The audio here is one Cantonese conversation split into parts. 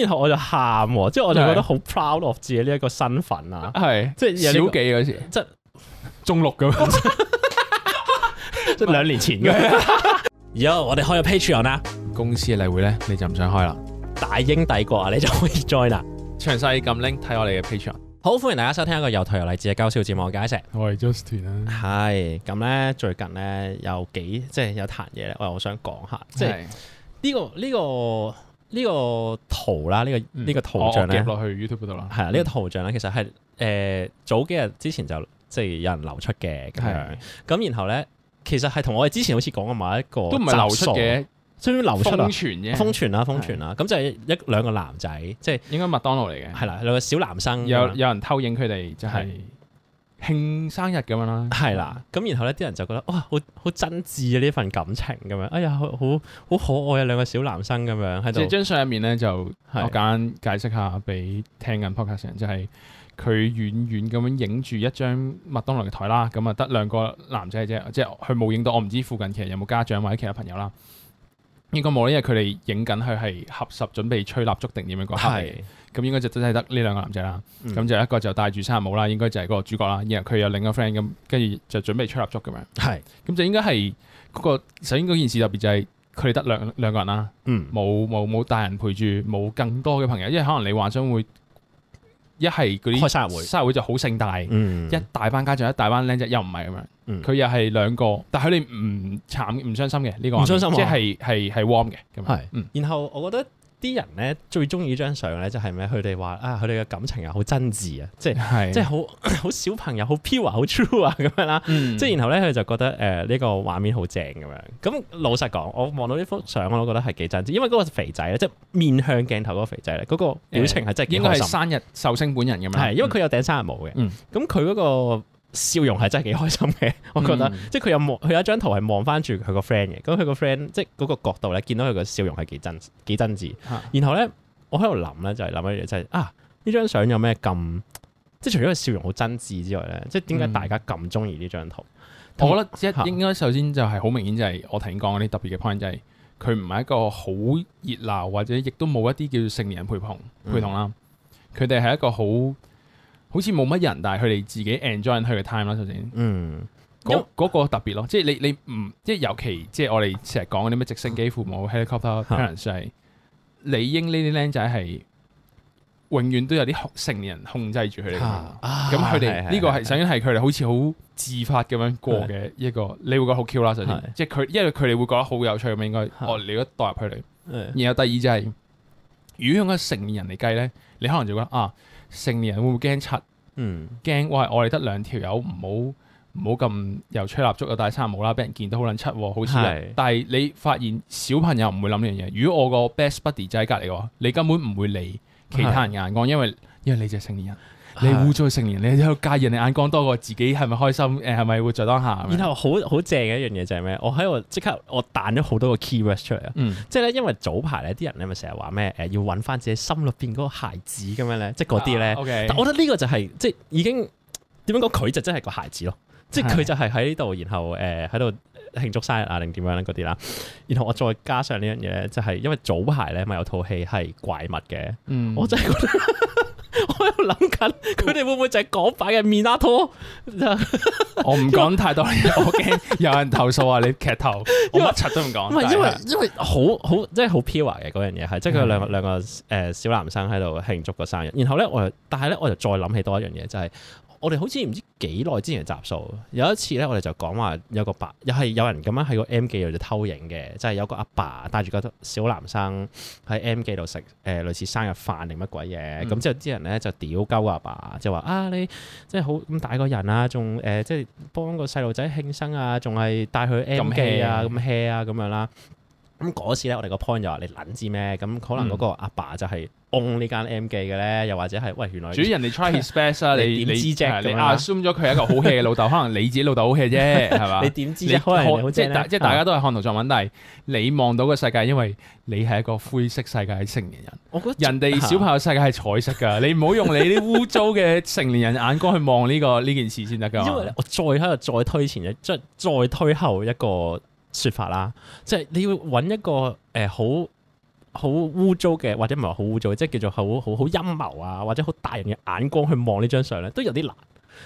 然後我就喊，即係我就覺得好 proud of 自己呢一個身份啊，係是即係、這個、小幾嗰時，即係中六咁， 即係兩年前嘅。 而家我哋開咗 Patreon 啦，公司嘅例會咧你就唔想開啦。大英帝國啊，你就可以 join 啦。詳細撳 link 睇我哋嘅 Patreon。好，歡迎大家收聽一個又頹又勵志嘅搞笑節目嘅解釋。我係 Justin，係咁咧，最近咧有幾即係有談嘢咧，我又想講下，即係呢個呢個。這個這個這個呢個圖啦，呢、這個呢、嗯、個圖像咧，落、哦、去 YouTube 度啦。係啊，呢、這個圖像咧，其實係誒、呃、早幾日之前就即係、就是、有人流出嘅咁樣。咁是然後咧，其實係同我哋之前好似講嘅某一個都唔係流出嘅，終於流出啦，瘋傳啫，瘋傳啦，瘋傳啦。咁是就係一兩個男仔，即係應該麥當勞嚟嘅，係啦，兩個小男生。有有人偷影佢哋，就係、是。慶生日咁樣啦、啊，係啦，咁然後咧啲人就覺得哇，好好真摯啊呢份感情咁樣，哎呀好好可愛啊兩個小男生咁樣喺度。即係張相入面咧就，是的 我簡解釋下俾聽緊 podcast 人，就係、是、佢遠遠咁樣影住一張麥當勞嘅台啦，咁啊得兩個男仔啫，即係佢冇影到，我唔知附近其實有冇家長或者其他朋友啦，應該冇，因為佢哋影緊佢係合十準備吹蠟燭定點樣嗰一咁應該就真係得呢兩個男仔啦，咁就、嗯、一個就戴住生日帽啦，應該就係嗰個主角啦。然後佢有另一個 friend 咁，跟住就準備吹蠟燭咁樣。係，咁就應該係嗰、那個首先嗰件事特別就係佢哋得兩兩個人啦，冇冇冇大人陪住，冇更多嘅朋友，因為可能你話想會一係嗰啲生日會，生日會，生日會就好盛大，嗯嗯一大班家長，一大班靚仔，又唔係咁樣。佢又係兩個，但係佢哋唔慘唔傷心嘅呢、這個，即係係係 warm 嘅咁樣。嗯、然後我覺得。 啲人咧最中意張相咧，就係咩？佢哋話啊，佢哋嘅感情又好真摯啊，即係是即係好好小朋友好 pure 好 true 啊咁樣啦。即係、嗯、然後咧，佢就覺得誒呢、呃這個畫面好正咁樣。咁老實講，我望到呢幅相，我都覺得係幾真摯，因為嗰個肥仔咧，即係面向鏡頭嗰個肥仔咧，嗰、嗯、個表情係真係幾開心。應該係生日壽星本人咁樣。係、嗯，因為佢有頂生日帽嘅。咁佢嗰個。笑容係真係幾開心嘅，我覺得，嗯、即係佢有望佢有一張圖係望翻住佢個 friend 嘅，咁佢個 friend 即係嗰個角度咧，見到佢個笑容係幾真幾真摯。啊、然後咧，我喺度諗咧，就係諗一樣嘢，就係啊，呢張相有咩咁？即係除咗個笑容好真摯之外咧，即係點解大家咁中意呢張圖？嗯、但我覺得即、嗯、應該首先就係好明顯，就係我頭先講嗰啲特別嘅 point，就係佢唔係一個好熱鬧，或者亦都冇一啲叫做成年人陪同陪同啦。佢哋係一個好。好似冇乜人，但係佢哋自己 enjoy 佢嘅 time 啦。首先，嗯，嗰個特別咯，即係你你唔即係尤其即係我哋成日講嗰啲咩直升機父母 helicopter parents 係，理應呢啲僆仔係永遠都有啲成年人控制住佢哋。咁佢哋呢個係首先係佢哋好似好自發咁樣過嘅一個，你會覺得好 cute 啦。首先，即係佢因為佢哋會覺得好有趣咁樣，應該哦，你一代入佢哋？然後第二就係，如果用個成年人嚟計咧，你可能就覺得啊。成年人會唔會驚柒？嗯，驚。喂，我哋得兩條友，唔好唔好咁又吹蠟燭又帶叉舞啦，俾人見到好撚柒喎，好似。是 但係你發現小朋友唔會諗呢樣嘢。如果我個 best buddy 就喺隔離喎，你根本唔會理其他人眼光，是 因為因為你就係成年人。你會再成年，你喺度介意人眼光多過自己係咪開心？誒，係咪活在當下？是是然後好好正嘅一樣嘢就係咩？我喺度即刻我彈咗好多個 keywords 出嚟啊！即係咧，因為早排咧啲人咧咪成日話咩？誒，要揾翻自己心裏邊嗰個孩子咁樣咧，即係嗰啲咧。些啊 okay、但我覺得呢個就係即係已經點樣講？佢就真係個孩子咯，即係佢就係喺呢度，然後誒喺度慶祝生日啊，定點樣咧嗰啲啦。然後我再加上呢樣嘢，就係、是、因為早排咧咪有套戲係怪物嘅。嗯、我真係覺得、嗯。我喺度諗緊，佢哋會唔會就係港版嘅 Minato？我唔講太多， 我驚有人投訴話 你劇透。我乜柒都唔講。唔係因為是因為好好即係好 pure 嘅嗰樣嘢，係即係佢兩個兩、嗯、個誒小男生喺度慶祝個生日。然後咧，我但係咧，我就再諗起多一樣嘢，就係、是。我哋好似唔知幾耐之前集數，有一次咧，我哋就講、是、話有個爸，又係有人咁樣喺個 M 記度就偷影嘅，就係有個阿爸帶住個小男生喺 M 記度食誒類似生日飯定乜鬼嘢，咁、嗯、之後啲人咧就屌鳩阿爸，就話啊你即係好咁大個人、呃、個 G, 啊，仲誒即係幫個細路仔慶生啊，仲係帶去 M 記啊咁 hea 啊咁樣啦。咁嗰次咧，我哋個 point 就話你撚知咩？咁可能嗰個阿爸就係 own 呢間 M 記嘅咧，又或者係喂原來主要人哋 try his best 啦，你點知啫？你 assume 咗佢係一個好 hea 嘅老豆，可能你自己老豆好 hea 啫，係嘛？你點知啫？可能即係即係大家都係看圖作文，但係你望到個世界，因為你係一個灰色世界嘅成年人，我覺得人哋小朋友世界係彩色噶，你唔好用你啲污糟嘅成年人眼光去望呢個呢件事先得噶。因為我再喺度再推前一即再推後一個。說法啦，即係你要揾一個誒、呃、好好污糟嘅，或者唔係好污糟，即係叫做好好好陰謀啊，或者好大人嘅眼光去望呢張相咧，都有啲難。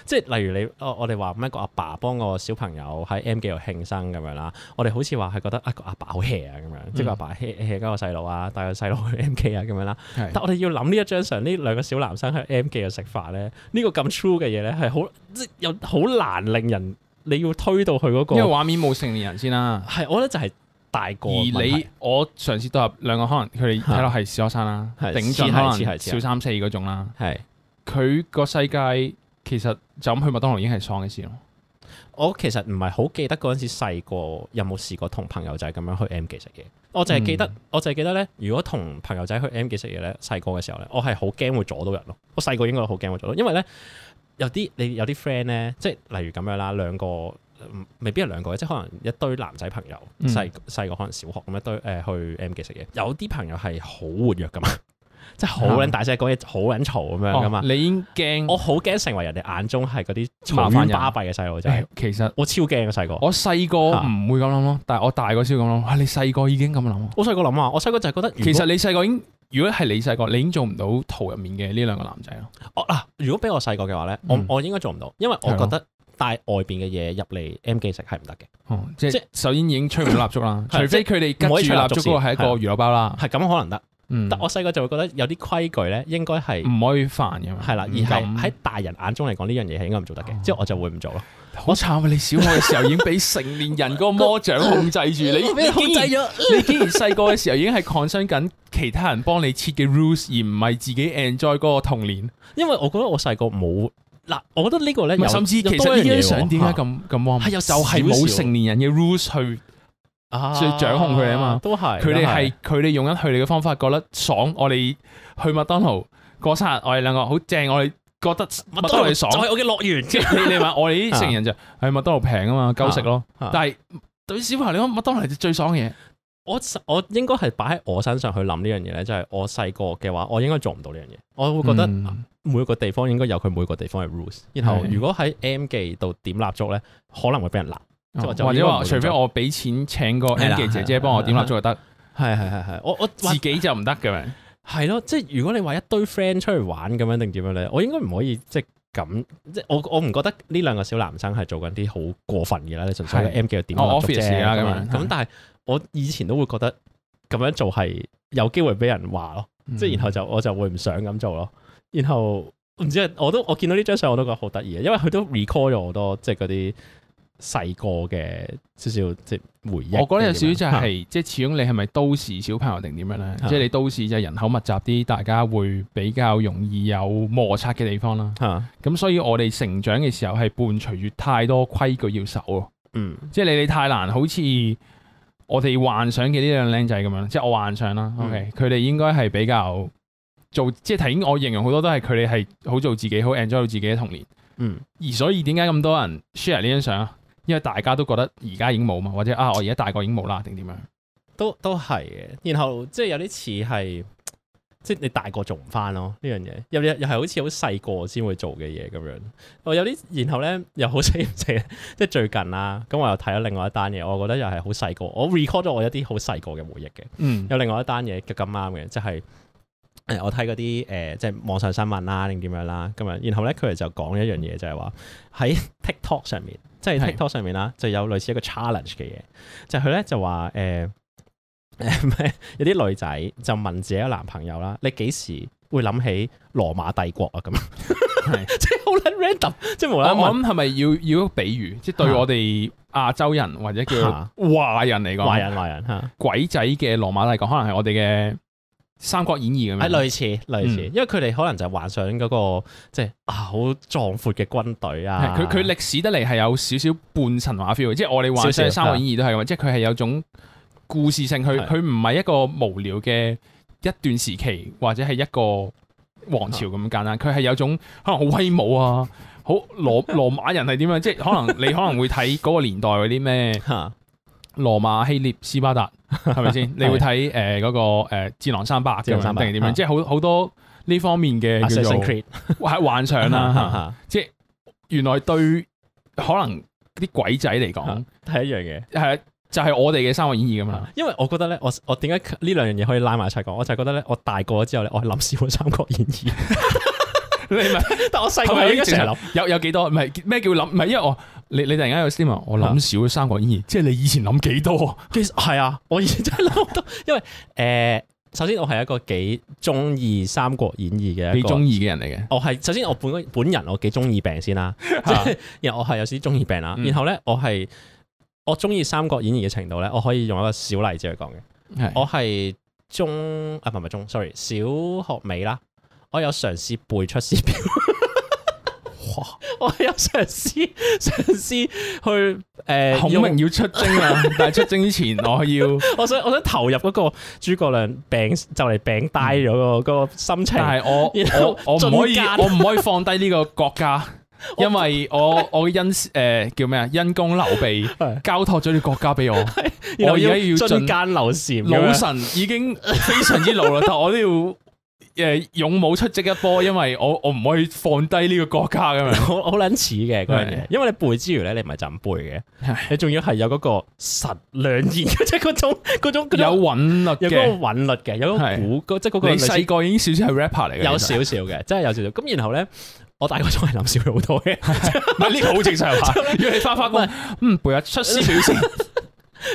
即係例如你我我哋話咩個阿爸幫個小朋友喺 M 記度慶生咁樣啦，我哋好似話係覺得、哎、爸爸啊個阿爸好 hea 啊咁樣，嗯、即係個阿爸 heahea 個細路啊，帶個細路去 M 記啊咁樣啦。但我哋要諗呢一張相，呢兩個小男生喺 M 記度食飯咧，呢、這個咁 true 嘅嘢咧，係好即係又好難令人。你要推到去、那、嗰個，因為畫面冇成年人先啦、啊。係，我覺得就係大個。而你我上次都有兩個，可能佢哋睇落係小學生啦， 是頂尖可能小三四嗰種啦、啊。係佢個世界其實就咁去麥當勞已經係喪嘅事咯。我其實唔係好記得嗰陣時細個有冇試過同朋友仔咁樣去 M 記食嘢。嗯、我淨係記得，我淨係記得咧，如果同朋友仔去 M 記食嘢咧，細個嘅時候咧，我係好驚會阻到人咯。我細個應該好驚會阻到，因為咧。有啲你有啲 friend 咧，即係例如咁樣啦，兩個未必係兩個，即係可能一堆男仔朋友，細細個可能小學咁一堆誒，去 M 記食嘢。有啲朋友係好活躍噶嘛，的即係好卵大聲，講嘢好卵嘈咁樣噶嘛。你已經驚？我好驚成為人哋眼中係嗰啲麻煩巴閉嘅細路仔。其實我超驚嘅細個。我細個唔會咁諗咯，但係我大個先咁諗。係你細個已經咁諗啊？我細個諗啊，我細個就係覺得，其實你細個已經。如果係你細個，你已經做唔到圖入面嘅呢兩個男仔咯。哦嗱，如果俾我細個嘅話咧，我我應該做唔到，因為我覺得帶外邊嘅嘢入嚟 M 記食係唔得嘅。哦，即係首先已經吹唔到蠟燭啦，除非佢哋跟住蠟燭嗰個係一個娛樂包啦，係咁可能得。但我細個就會覺得有啲規矩咧，應該係唔可以犯嘅，係啦，然後喺大人眼中嚟講呢樣嘢係應該唔做得嘅，即係我就會唔做咯。好慘啊！你小學嘅時候已經俾成年人個魔掌控制住你，你控制咗，你竟然細個嘅時候已經係 concern 緊其他人幫你設嘅 rules，而唔係自己 enjoy 嗰個童年。因為我覺得我細個冇嗱，我覺得呢個咧，甚至其實呢張相點解咁咁魔？係有就係冇成年人嘅 rules 去去掌控佢哋啊嘛，都係佢哋係佢哋用緊佢哋嘅方法覺得爽。我哋去麥當勞過生日，我哋兩個好正，我哋。覺得麥當勞爽就，就係我嘅樂園，即係你你話我哋啲成人就係麥當勞平啊嘛，夠食咯。但係對小孩你講，麥當勞係最爽嘅嘢。我我應該係擺喺我身上去諗呢樣嘢咧，就係、是、我細個嘅話，我應該做唔到呢樣嘢。我會覺得每個地方應該有佢每個地方嘅 rules。然後如果喺 M 記度點蠟燭咧，可能會俾人鬧。啊、就或者話除非我俾錢請個 M 記姐姐幫我點蠟燭就得。係係係係，我我自己就唔得嘅。 係咯，即係如果你話一堆 friend 出去玩咁樣定點樣咧，我應該唔可以即係咁，即係我我唔覺得呢兩個小男生係做緊啲好過分嘅啦。的你純粹個 M 記點做啫。咁樣咁，但係我以前都會覺得咁樣做係有機會俾人話咯，嗯、即係然後就我就會唔想咁做咯。然後唔知係我都我見到呢張相我都覺得好得意，因為佢都 recall 咗我好多即係嗰啲。細個嘅少少即係回憶，我覺得有少少就係、是啊、即係始終你係咪都市小朋友定點樣咧？啊、即係你都市就人口密集啲，大家會比較容易有摩擦嘅地方啦。咁、啊、所以我哋成長嘅時候係伴隨住太多規矩要守啊。嗯，即係你你太難好似我哋幻想嘅呢兩靚仔咁樣，即係我幻想啦。嗯、OK，佢哋應該係比較做即係頭先我形容好多都係佢哋係好做自己，好 enjoy 自己嘅童年。嗯，而所以點解咁多人 share 呢張相啊？因為大家都覺得而家已經冇嘛，或者啊，我而家大個已經冇啦，定點樣？都都係嘅。然後即係有啲似係，即係你大個做唔翻咯呢樣嘢，又又又係好似好細個先會做嘅嘢咁樣。我有啲然後咧，又好死唔死，即係最近啦。咁我又睇咗另外一單嘢，我覺得又係好細個。我 record 咗我一啲好細個嘅回憶嘅。嗯，有另外一單嘢咁啱嘅，即係。我睇嗰啲誒，即係網上新聞啦、啊，定點樣啦、啊、咁樣。然後咧，佢哋就講一樣嘢，就係、是、話喺 TikTok 上面，嗯、即係 TikTok 上面啦、啊，就有類似一個 challenge 嘅嘢。就佢、是、咧就話誒誒，呃、 有啲女仔就問自己男朋友啦、啊，你幾時會諗起羅馬帝國啊？咁 是， 即係好撚 random，即係無啦啦。我諗係咪要要比喻，即係對我哋亞洲人或者叫華人嚟講、啊，華人華人嚇鬼仔嘅羅馬帝國，可能係我哋嘅。《三國演義》咁樣，誒，類似類似，嗯、因為佢哋可能就幻想嗰、那個即係、就是、啊好壯闊嘅軍隊啊，佢佢歷史得嚟係有少少半神話 feel，即係我哋幻想《三國演義》都樣都係咁，即係佢係有種故事性，佢佢唔係一個無聊嘅一段時期或者係一個王朝咁簡單，佢係的有種可能好威武啊，好羅 羅馬人係點樣，即係可能 你可能會睇嗰個年代嗰啲咩嚇。羅馬、希臘、斯巴達，係咪先？你會睇誒嗰個誒、呃《戰狼三百》， 戰狼三百定係點樣？ 即係好好多呢方面嘅叫做係幻想啦。即係原來對可能啲鬼仔嚟講係一樣嘅，係就係、是、我哋嘅《三國演義》咁啊。因為我覺得咧，我我點解呢兩樣嘢可以拉埋一齊講？我就係覺得咧，我大個咗之後咧，我係諗少三國演義 》。你咪？但係我細個應該成日諗，有有幾多？唔係咩叫諗？唔係因為我你你突然間有思問，我諗少《三國演義》，即係你以前諗幾多？其實係啊，我以前真係諗好多。因為誒、呃，首先我係一個幾中意《三國演義》嘅，幾中意嘅人嚟嘅。我係首先我本本人我幾中意病先啦、啊，即係我係有少少中意病啦。然後咧我係、嗯、我中意《三國演義》嘅程度咧，我可以用一個小例子嚟講嘅。的我係中啊，唔係唔係中，sorry，小學尾啦。我有嘗試背出師表，哇！我有嘗試嘗試去誒，孔明要出征啦，但係出征之前，我要我想我想投入嗰個諸葛亮病就嚟，病低咗個個心情，但係我我唔可以我唔可以放低呢個國家，因為我我因誒，叫咩啊？因公劉備交託咗啲國家俾我，我而家要進諫劉禪，老臣已經非常之老啦，但我都要。誒，勇武出征一波，因為我我唔可以放低呢個國家噶嘛，好好撚似嘅嗰樣嘢。因為你背之餘咧，你唔係就咁背嘅，你仲要係有嗰個實兩言，即係嗰種嗰種有韻律嘅，有韻律嘅，有股即係嗰個。你細個已經少少係 rapper 嚟嘅，有少少嘅，真係有少少。咁然後咧，我大個仲係諗少好多嘅，唔係呢個好正常。要你花花哥，嗯，背下出師表先。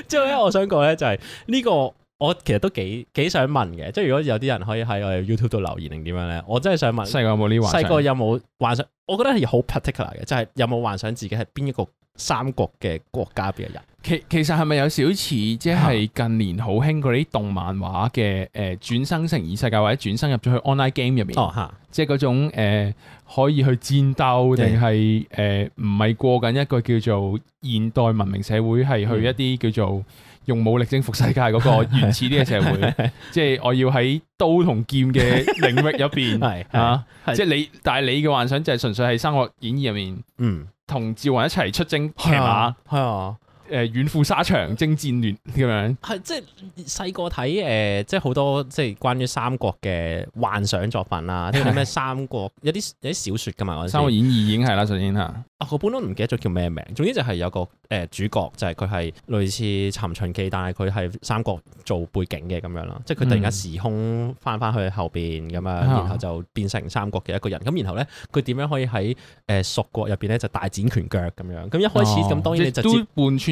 之後咧，我想講咧就係呢個。我其實都幾幾想問嘅，即係如果有啲人可以喺我 YouTube 度留言定點樣咧，我真係想問細個有冇呢幻想？細個有冇幻想？我覺得係好 particular 嘅，就係、是、有冇幻想自己係邊一個三國嘅國家嘅人？其其實係咪有少似即係近年好興嗰啲動漫畫嘅？誒、呃，轉生成異世界或者轉生入咗去 online game 入面哦吓，啊、即係嗰種誒、呃、可以去戰鬥定係誒唔係過緊一個叫做現代文明社會，係去一啲叫做。嗯用武力征服世界嗰個原始啲嘅社會，即係 我要喺刀同劍嘅領域入邊，嚇 是，即係、啊、你，但係你嘅幻想就係純粹喺《三國演義》入面，嗯，同趙雲一齊出征騎馬，係啊。誒遠赴沙場，征戰亂咁樣，係即係細個睇誒，即係好、呃、多即係關於《三國》嘅幻想作品啦，啲咩《三國》 有啲有啲小説噶嘛？我《三國演義》已經係啦，首先嚇，啊個、哦、本都唔記得咗叫咩名，總之就係有個誒、呃、主角就係佢係類似《尋秦記》，但係佢係《三國》做背景嘅咁樣啦，即係佢突然間時空翻翻去後邊咁樣，樣，然後就變成《三國》嘅一個人，咁、嗯、然後咧佢點樣可以喺誒蜀國入邊咧就大展拳腳咁樣？咁一開始咁當然你就接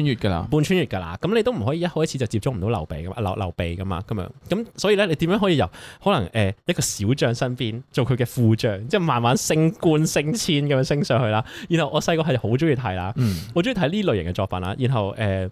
月噶啦，半穿越噶啦，咁你都唔可以一開始就接觸唔到劉備噶嘛，劉劉備噶嘛，咁樣，咁所以咧，你點樣可以由可能誒、呃、一個小將身邊做佢嘅副將，即係慢慢升官升遷咁樣升上去啦。然後我細個係好中意睇啦，嗯，我中意睇呢類型嘅作品啦。然後誒、呃，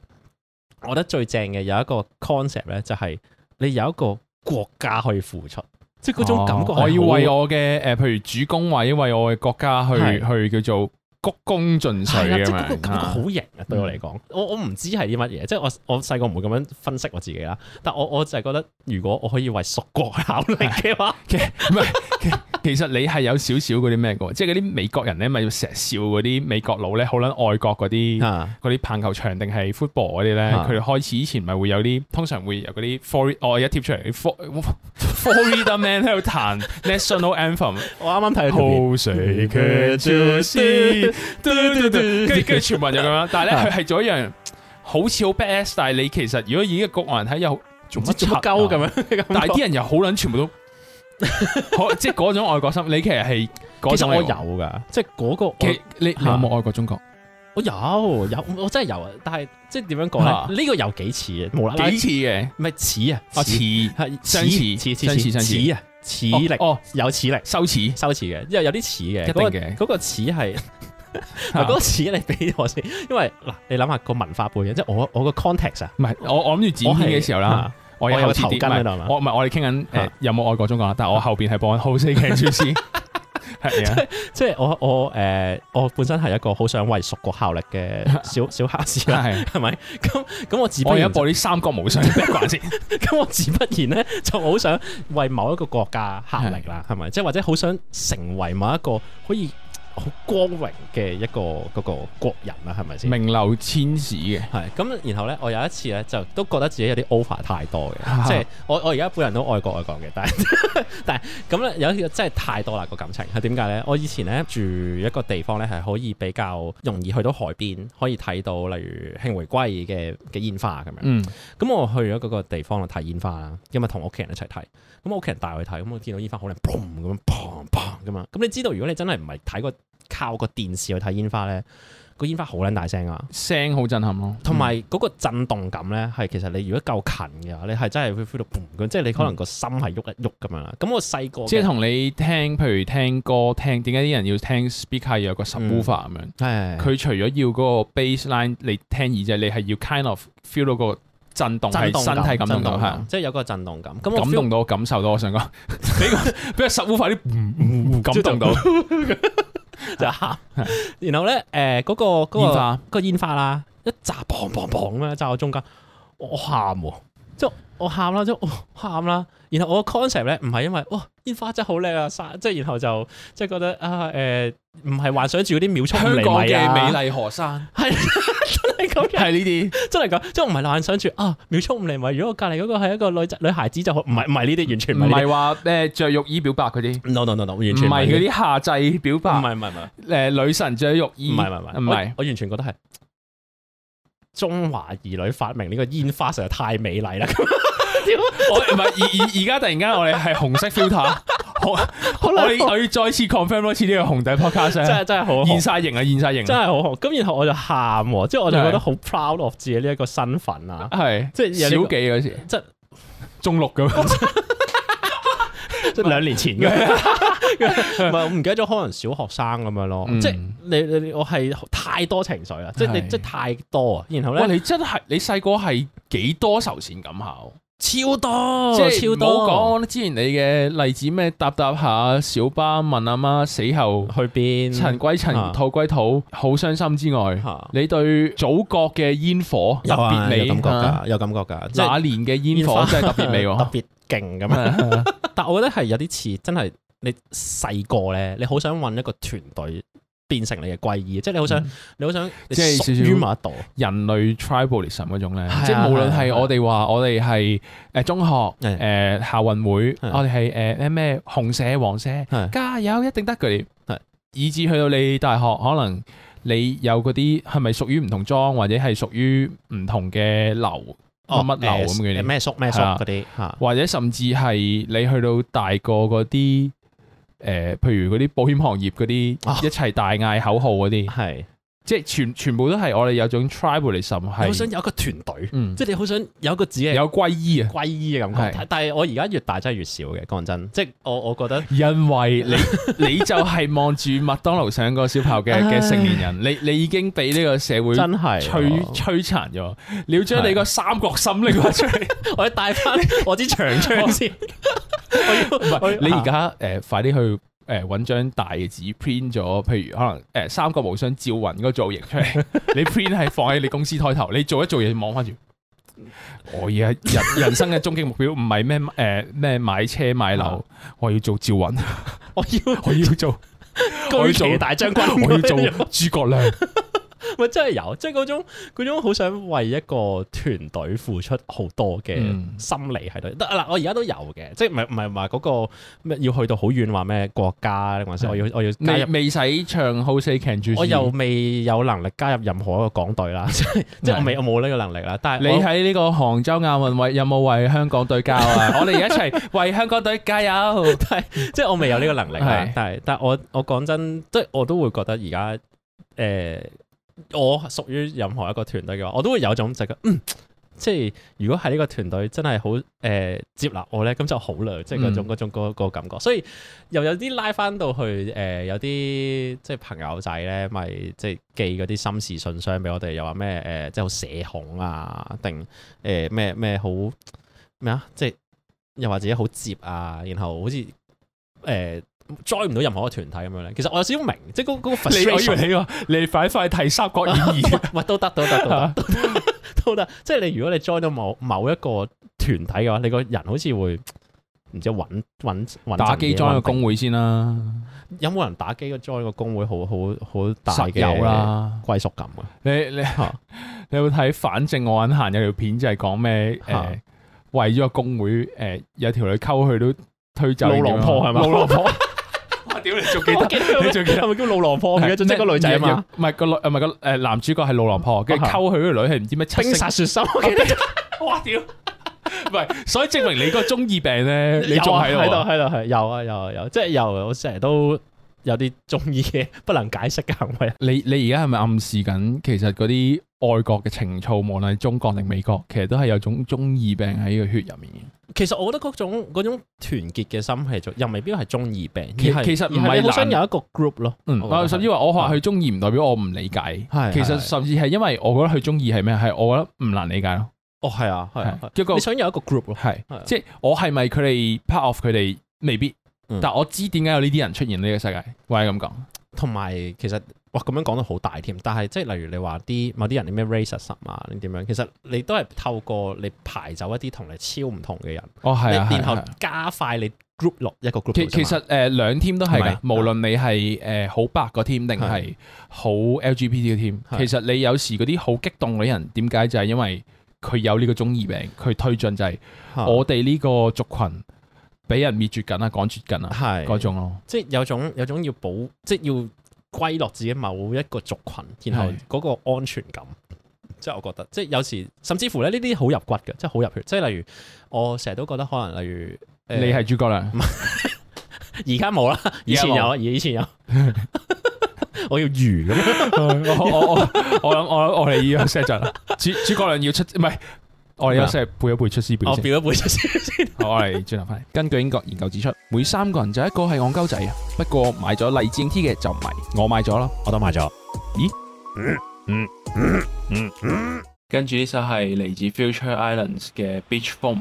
我覺得最正嘅有一個 concept 咧，就係你有一個國家去付出，即係嗰種感覺、哦，我要為我嘅誒、呃，譬如主公，為為我嘅國家去是去叫做。鞠躬盡瘁嘅嘛，好型啊、就是！對我嚟講、嗯，我、就是、我唔知係啲乜嘢，即係我我細個唔會咁樣分析我自己啦。但我我就係覺得，如果我可以為蜀國考慮嘅話，唔係。其實你係有少少嗰啲咩嘅，即係嗰啲美國人咧，咪要成日笑嗰啲美國佬咧，好撚愛國嗰啲，嗰啲棒球場定係 football 嗰啲咧，佢開始以前咪會有啲，通常會有嗰啲 four，我而家貼出嚟 f o r t h man 喺度彈 national anthem，我啱啱睇到。跟住跟住傳聞就咁樣，但係咧佢係做一樣好似好 best，但係你其實如果以一個國外人睇，又唔知出鳩咁樣，但係啲人又好撚全部都。即係嗰種愛國心，你其實係其實我有噶，即係嗰個，你有冇愛過中國？我有有，我真係有，啊。但係即係點樣講咧？呢個有幾似啊？幾似嘅，唔係似啊，似係似似似似似啊，似力哦，有似力，羞似羞似嘅，因為有啲似嘅，一定嘅，嗰個似係嗰個似你俾我先，因為嗱，你諗下個文化背景，即係我我個 context 啊，唔係我我諗住剪片嘅時候啦。我有個頭巾喺度，嗯、我唔係我哋傾緊誒有冇愛國中國啊？嗯、但係我後邊係播緊好死嘅主師，係啊！ 即係我我誒、呃、我本身係一個好想為蜀國效力嘅小小黑子啦，係咪 的？咁咁我自我而家播啲三國無雙嘅關先，咁我自不然咧就好想為某一個國家效力啦，係咪的？即係或者好想成為某一個可以。好光榮嘅一個嗰、嗰個國人啦，係咪先？名流千史。嘅，係咁。然後咧，我有一次咧，就都覺得自己有啲 over 太多嘅，啊、即係我我而家本人都愛國愛國嘅，但係 但係咁咧有次真係太多啦、嗰個感情係點解咧？我以前咧住一個地方咧係可以比較容易去到海邊，可以睇到例如慶回歸嘅嘅煙花咁樣。嗯，咁我去咗嗰個地方去睇煙花啦，因為同屋企人一齊睇，咁我屋企人帶我睇，咁我見到煙花好靚 boom 咁樣。咁你知道，如果你真係唔係睇個靠個電視去睇煙花咧，個煙花好撚大聲啊！聲好震撼咯、啊，同埋嗰個震動感咧，係其實你如果夠近嘅話，你係真係會 feel 到 boom、嗯、即係你可能個心係喐一喐咁樣啦。咁我細個即係同你聽，譬如聽歌，聽點解啲人要聽 speaker、嗯、要有個 subwoofer 咁樣？係佢除咗要嗰個 baseline，你聽耳仔，你係要 kind of feel 到、個。震動係身體感動到震動係，動即係有個震動感。咁我 feel 到，感受到，我想講，俾個俾個十污塊啲，唔唔感動到就喊。然後咧，誒、呃、嗰、那個嗰、那個嗰花個煙花啦、啊，一炸砰砰砰咁樣炸喺中間，我喊、啊，即係 我喊啦、啊，即我喊啦、啊啊。然後我個 concept 咧唔係因為哇煙花真係好靚啊，即係然後就即係覺得啊誒，唔、呃、係幻想住嗰啲秒出嚟嘅美麗河山。 真係咁，係呢啲， 真係咁，即係唔係亂想住啊！秒速五厘米，如果我隔籬嗰個係一個女女孩子就好，就唔係唔係呢啲，完全唔係話誒着浴衣表白嗰啲，no no no no，完全唔係嗰啲夏祭表白，唔係唔係，誒、呃、女神着浴衣，唔係唔係唔係，我完全覺得係中華兒女發明呢個煙花實在太美麗啦。 我唔係而而而家突然間，我哋係紅色 filter，我哋可以再次 confirm 多次呢個紅底 podcast，真係真係好現晒型啊，現晒型真係好紅。咁然後我就喊，即係我就覺得好 proud of 自己呢一個身份啊，係即係小幾嗰時，即係中六咁，即係兩年前嘅，唔係我唔記得咗，可能小學生咁樣咯。即係你你我係太多情緒啦，即係你即係太多啊。然後咧，你真係你細個係幾多愁善感㗎？超多，即係超多，唔好講之前你嘅例子咩？搭搭下小巴問媽，問阿媽死後去邊？塵歸塵，土歸土，好傷心之外，啊、你對祖國嘅煙火特別美有感覺噶，有感覺噶。那年嘅煙火真係特別美，特別勁咁樣！ 但我覺得係有啲似，真係你細個咧，你好想揾一個團隊。變成你嘅貴意，即係你好想，你好想，你屬於某一度，即係少少。人類 tribalism 嗰種咧，即係無論係我哋話，我哋係誒中學誒校運會，我哋係誒咩咩紅社、黃社，加油，一定得佢哋。係，以至去到你大學，可能你有嗰啲係咪屬於唔同莊，或者係屬於唔同嘅樓乜乜樓咁嘅嘢，咩宿咩宿嗰啲，或者甚至係你去到大個嗰啲。誒、呃，譬如嗰啲保險行業嗰啲一齊大嗌口號嗰啲，係、啊。即係全全部都係我哋有種 tribalism，係好想有一個團隊，嗯，即係你好想有一個自己有歸依啊，歸依嘅感覺。但係我而家越大真係越少嘅，講真，即係我我覺得，因為你你就係望住麥當勞上個小朋友嘅嘅成年人，你你已經俾呢個社會真係摧摧殘咗。你要將你個三角心拎翻出嚟，我要帶翻我支長槍先。我要，你而家誒，快啲去。誒，搵張大嘅紙 print 咗，譬如可能誒，三國無雙趙雲個造型出嚟， 你 print 係放喺你公司台頭，你做一做嘢望翻住。我而家人人生嘅終極目標唔係咩？誒咩買車買樓， 我要做趙雲，我要 我要做， 我要做大將軍，我要做諸葛亮。 咪真係有，即係嗰種嗰種好想為一個團隊付出好多嘅心理喺度。嗱、嗯，我而家都有嘅，即係唔係唔係唔係嗰個咩要去到好遠話咩國家，的或者我要我要未未使唱好四強柱。我又未有能力加入任何一個港隊啦，的即係即係我未我冇呢個能力啦。但係你喺呢個杭州亞運會有冇為香港隊加啊？ 我哋而家一齊為香港隊加油！ 即係我未有呢個能力啦的，但係但係我我講真，即係我都會覺得而家誒。呃我屬於任何一個團隊嘅話，我都會有種即係，嗯，即係如果喺呢個團隊真係好誒、呃、接納我咧，咁就好啦，嗯、即係嗰種嗰種，種、嗰個感覺。所以又有啲拉翻到去誒、呃，有啲即係朋友仔咧，咪即係寄嗰啲心事信箱俾我哋，又話咩誒，即係好社恐啊，定誒咩咩好咩啊？即係又話自己好接啊，然後好似誒。呃 join 唔到任何一個團體咁樣咧，其實我有少少明，即係嗰嗰個。你可以你話，你快快睇《三國演義》，乜都得，都得，都得，都得。即係你如果你 join 到某某一個團體嘅話，你個人好似會唔知揾揾揾打機 join 個工會先啦。有冇人打機個 join 個工會好好好大有啦，歸屬感啊？你你你有冇睇？反正我搵行有條片就係講咩誒，為咗個工會誒，有條女溝佢都推走。老龍婆係咪？老婆。屌你仲記得？ 你仲記得係咪 叫路浪破？即係、啊、個女仔啊嘛，唔係個女，唔係個誒男主角係路浪破，跟住溝佢嗰個女係唔知咩冰殺雪心。哇、okay！屌 Okay，唔 係，witnessed 所以證明你個中二病咧、啊，又係喺度，喺度 Finding、啊，係有啊，有啊，有啊，有啊、rue, 即係有，我成日都有啲中二嘅不能解釋嘅行為。你你而家係咪暗示緊？其實嗰啲外國嘅情操，無論係中國定美國，其實都係有種中二病喺個血入面。嗯其實我覺得嗰種嗰種團結嘅心係，又未必係中二病。其實唔係，好想有一個 group 咯。嗯，甚至話我話佢中二唔代表我唔理解。係的，其實甚至係因為我覺得佢中二係咩？係我覺得唔難理解咯。哦，係啊，係，一你想有一個 group 咯。係對，即係我係咪佢哋 part of 佢哋？未必。但我知點解有呢啲人出現呢個世界，嗯、我係咁講。同埋，其實。哇，咁樣講得好大添，但係即係例如你話啲某啲人你咩 racism 啊，你點樣？其實你都係透過你排走一啲同你超唔同嘅人，哦係啊然後加快你 group 落一個 group。其其實誒，兩、呃、team 都係嘅，是無論你係誒好白個 team 定係好 LGBT 嘅 team，其實你有時嗰啲好激動嘅人，點解就係、是、因為佢有呢個中二病，佢推進就係我哋呢個族群俾人滅絕緊啊，趕絕緊啊，係嗰種咯。即係有種有種要保，即係要。歸落自己某一個族群，然後嗰個安全感，是即係我覺得，即係有時甚至乎咧，呢啲好入骨嘅，即係好入血。即係例如，我成日都覺得可能，例如你係諸葛亮，而家冇啦，以前有，以前有以前有， 我要魚咁， 我我我我諗我我嚟依樣 set 陣啦，主諸葛亮要出唔係。我哋休息，日背一背出師表我背一背出師表先。好，我哋轉頭翻嚟，根據英國研究指出，每三個人就一個係戇鳩仔啊。不過買咗勵志 T 嘅就唔係，我買咗啦，我都買咗。咦？ 跟住呢首係嚟自 Future Islands 嘅 Beach Foam。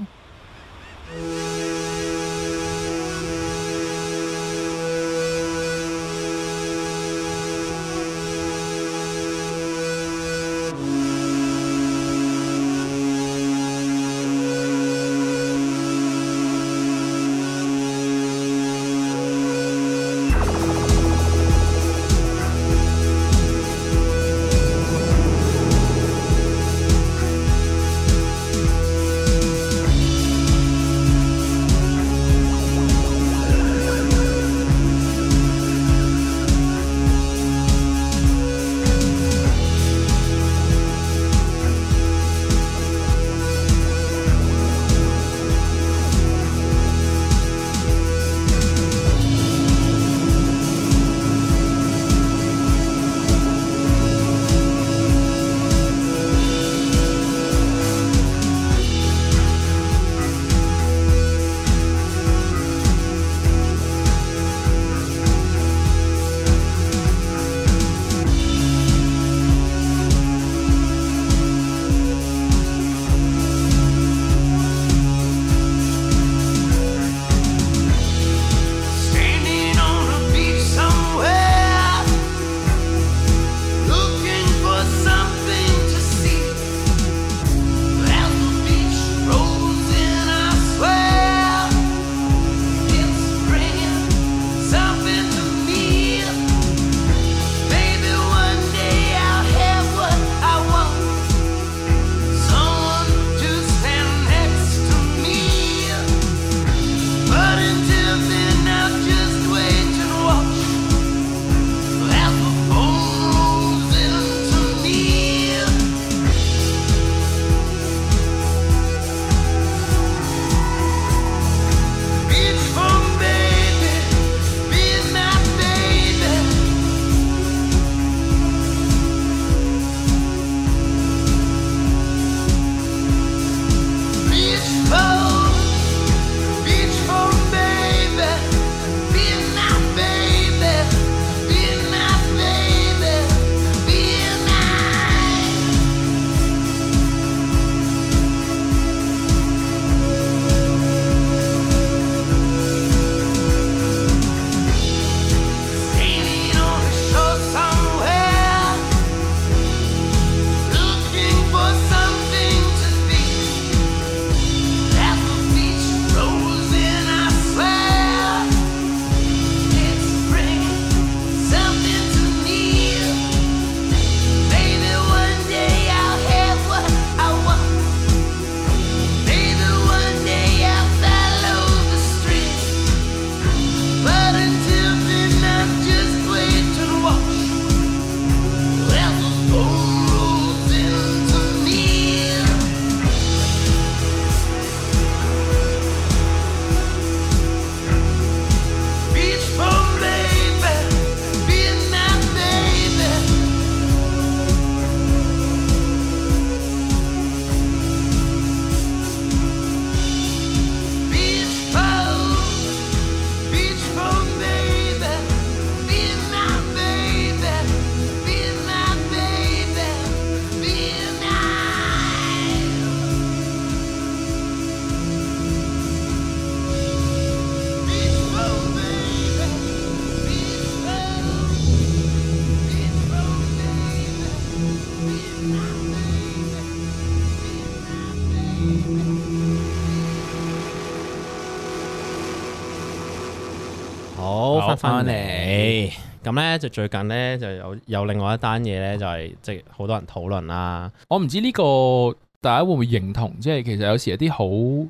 翻嚟咁咧，就 最近咧就有有另外一單嘢咧，就係即係好多人討論啦。我唔知呢個大家會唔會認同，即係其實有時一啲好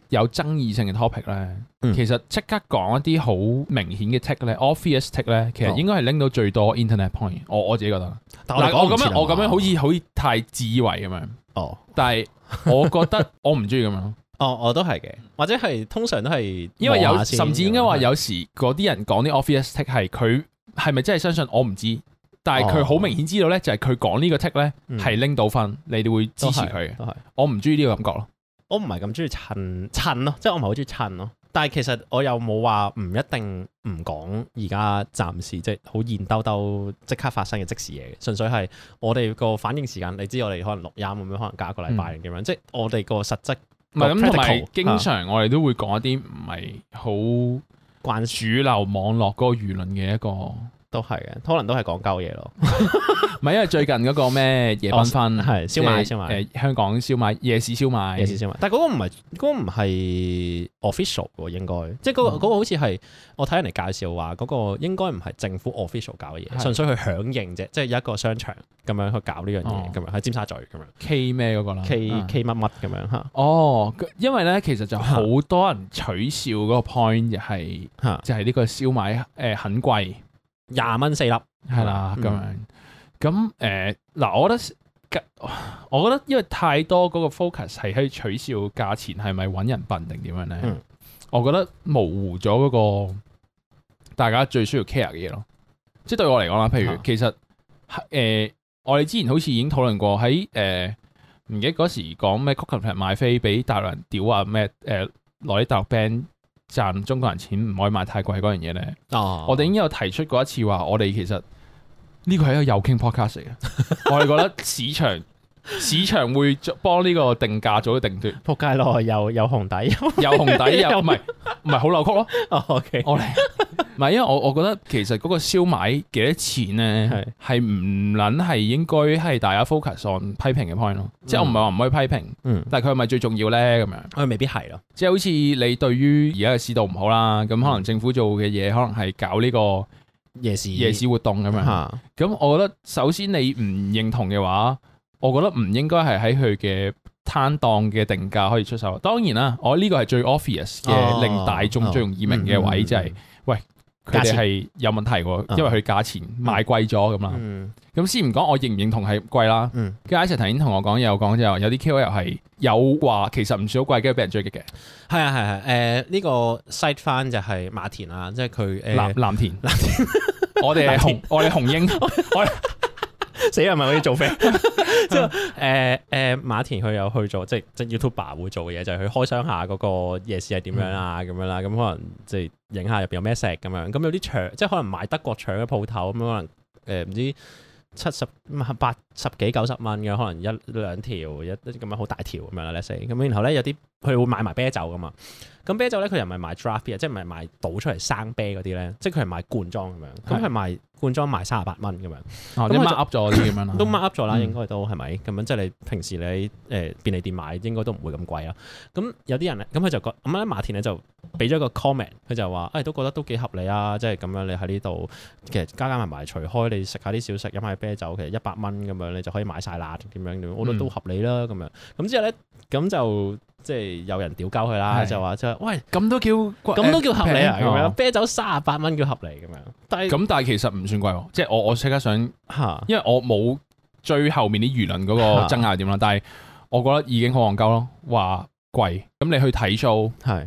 有爭議性嘅 topic 咧，嗯、其實即刻講一啲好明顯嘅 take 咧 authoritative 咧，其實應該係拎到最多 internet point。我我自己覺得，但我咁樣像我咁樣好似、嗯、好似太自以為咁樣。哦，但係我覺得我唔中意咁樣。哦，我都係嘅，或者係通常都係，因為有甚至應該話有時嗰啲人講啲 official take 係佢係咪真係相信，我唔知，但係佢好明顯知道咧，哦、就係佢講呢個 take 咧係拎到分，嗯、你哋會支持佢。我唔中意呢個感覺咯、嗯，我唔係咁中意襯襯咯，即係我唔係好中意襯咯。但係其實我又冇話唔一定唔講而家暫時即係好現兜兜即刻發生嘅即時嘢嘅，純粹係我哋個反應時間。你知我哋可能錄音咁樣，可能隔一個禮拜咁樣，嗯、即係我哋個實質。唔係咁，同埋經常我哋都會講一啲唔係好慣主流網絡嗰個輿論嘅一個。都係嘅，可能都係講鳩嘢咯。唔係因為最近嗰個咩夜繽紛係燒賣，燒賣誒香港燒賣夜市燒賣，夜市燒賣。但嗰個唔係嗰個唔係 official 嘅，應該即係嗰個嗰個好似係我睇人嚟介紹話嗰個應該唔係政府 official 搞嘅嘢，純粹佢響應啫。即係有一個商場咁樣去搞呢樣嘢，咁樣喺尖沙咀咁樣。K 咩嗰個啦？K K 乜乜咁樣吓？哦，因為咧其實就好多人取笑嗰個 point 係，就係呢個燒賣誒很貴。廿蚊四粒，係啦咁樣，咁誒嗱，我覺得，我覺得因為太多嗰個 focus 係可以取笑價錢係咪揾人笨定點樣咧，嗯、我覺得模糊咗嗰個大家最需要 care 嘅嘢咯。即係對我嚟講啦，譬如其實誒、呃，我哋之前好似已經討論過喺誒，唔、呃、記得嗰時講咩 Cooking Plan 買飛俾大陸人屌啊咩誒，攞啲、呃、大陸 band。賺中國人錢唔可以賣太貴嗰樣嘢咧，oh. 我哋已經有提出過一次話，我哋其實呢個係一個又傾 podcast 嚟嘅， 我哋覺得市場市場會幫呢個定價做咗定奪，撲街咯，有有紅底，有， 有紅底又唔係唔係好扭曲咯，OK。我哋唔係，因為我我覺得其實嗰個燒賣幾多錢咧，係係唔撚係應該係大家 focus on 批評嘅 point 咯。嗯、即係我唔係話唔可以批評，嗯、但係佢係咪最重要咧？咁樣佢未必係咯。即係好似你對於而家嘅市道唔好啦，咁、嗯、可能政府做嘅嘢可能係搞呢個夜市夜市活動咁樣。咁、嗯、我覺得首先你唔認同嘅話，嗯、我覺得唔應該係喺佢嘅攤檔嘅定價可以出售。當然啦，我呢個係最 obvious 嘅令大眾最容易明嘅位，就係喂。嗯嗯嗯嗯嗯嗯嗯佢哋係有問題，因為佢價錢賣貴咗咁啦。咁、嗯、先唔講、嗯，我認唔認同係貴啦。跟住阿 Sir 頭先同我講，有講就有啲 KOL 係有話其實唔算好貴，跟住俾人追擊嘅。係啊係係，誒呢、呃呢個 side 翻就係馬田啊，即係佢誒藍藍田，藍田。我哋係紅，我哋紅鷹。 我 死人咪可以做啡，之後誒誒馬田佢又去咗，即、就、係、是、即係 YouTuber 會做嘅嘢，就係、是、佢開箱下嗰個夜市係點樣啊咁、嗯、樣啦，咁可能即係影下入邊有咩石咁樣，咁有啲腸即係可能賣德國腸嘅鋪頭咁可能誒唔、呃、知七十八十幾九十蚊嘅，可能一兩條一咁樣好大條咁樣啦 l 咁然後咧有啲佢會買埋 be 啤酒噶嘛，咁啤酒咧佢又唔係賣 draft 嘅，即係唔係賣倒出嚟生啤嗰啲咧，即係佢係賣罐裝咁樣，咁佢賣。罐裝賣三十八蚊咁樣，嗯嗯、 都 mark up 咗啲咁樣啦，都 mark up 咗啦， 應該都係咪咁樣？即、就、係、是、你平時你喺誒便利店買，應該都唔會咁貴啦。咁有啲人咧，咁佢就覺咁咧，馬田咧就俾咗個 comment，佢就話：，誒、哎、都覺得都幾合理啊！即係咁樣，你喺呢度其實加加埋埋，除開你食下啲小食、飲下啤酒，其實一百蚊咁樣，你就可以買晒啦，點樣點？我覺得、嗯、都合理啦，咁樣。咁之後咧，咁就。即係有人屌鳩佢啦，的就話說即喂，咁都叫貴，咁都叫合理啊，咁樣啤酒三十八蚊叫合理咁樣，但係咁但係其實唔算貴喎，即係我我即刻想，哈因為我冇追後面啲輿論嗰個爭拗點啦，但係我覺得已經好戇鳩咯，話貴，咁你去睇 show 係，哈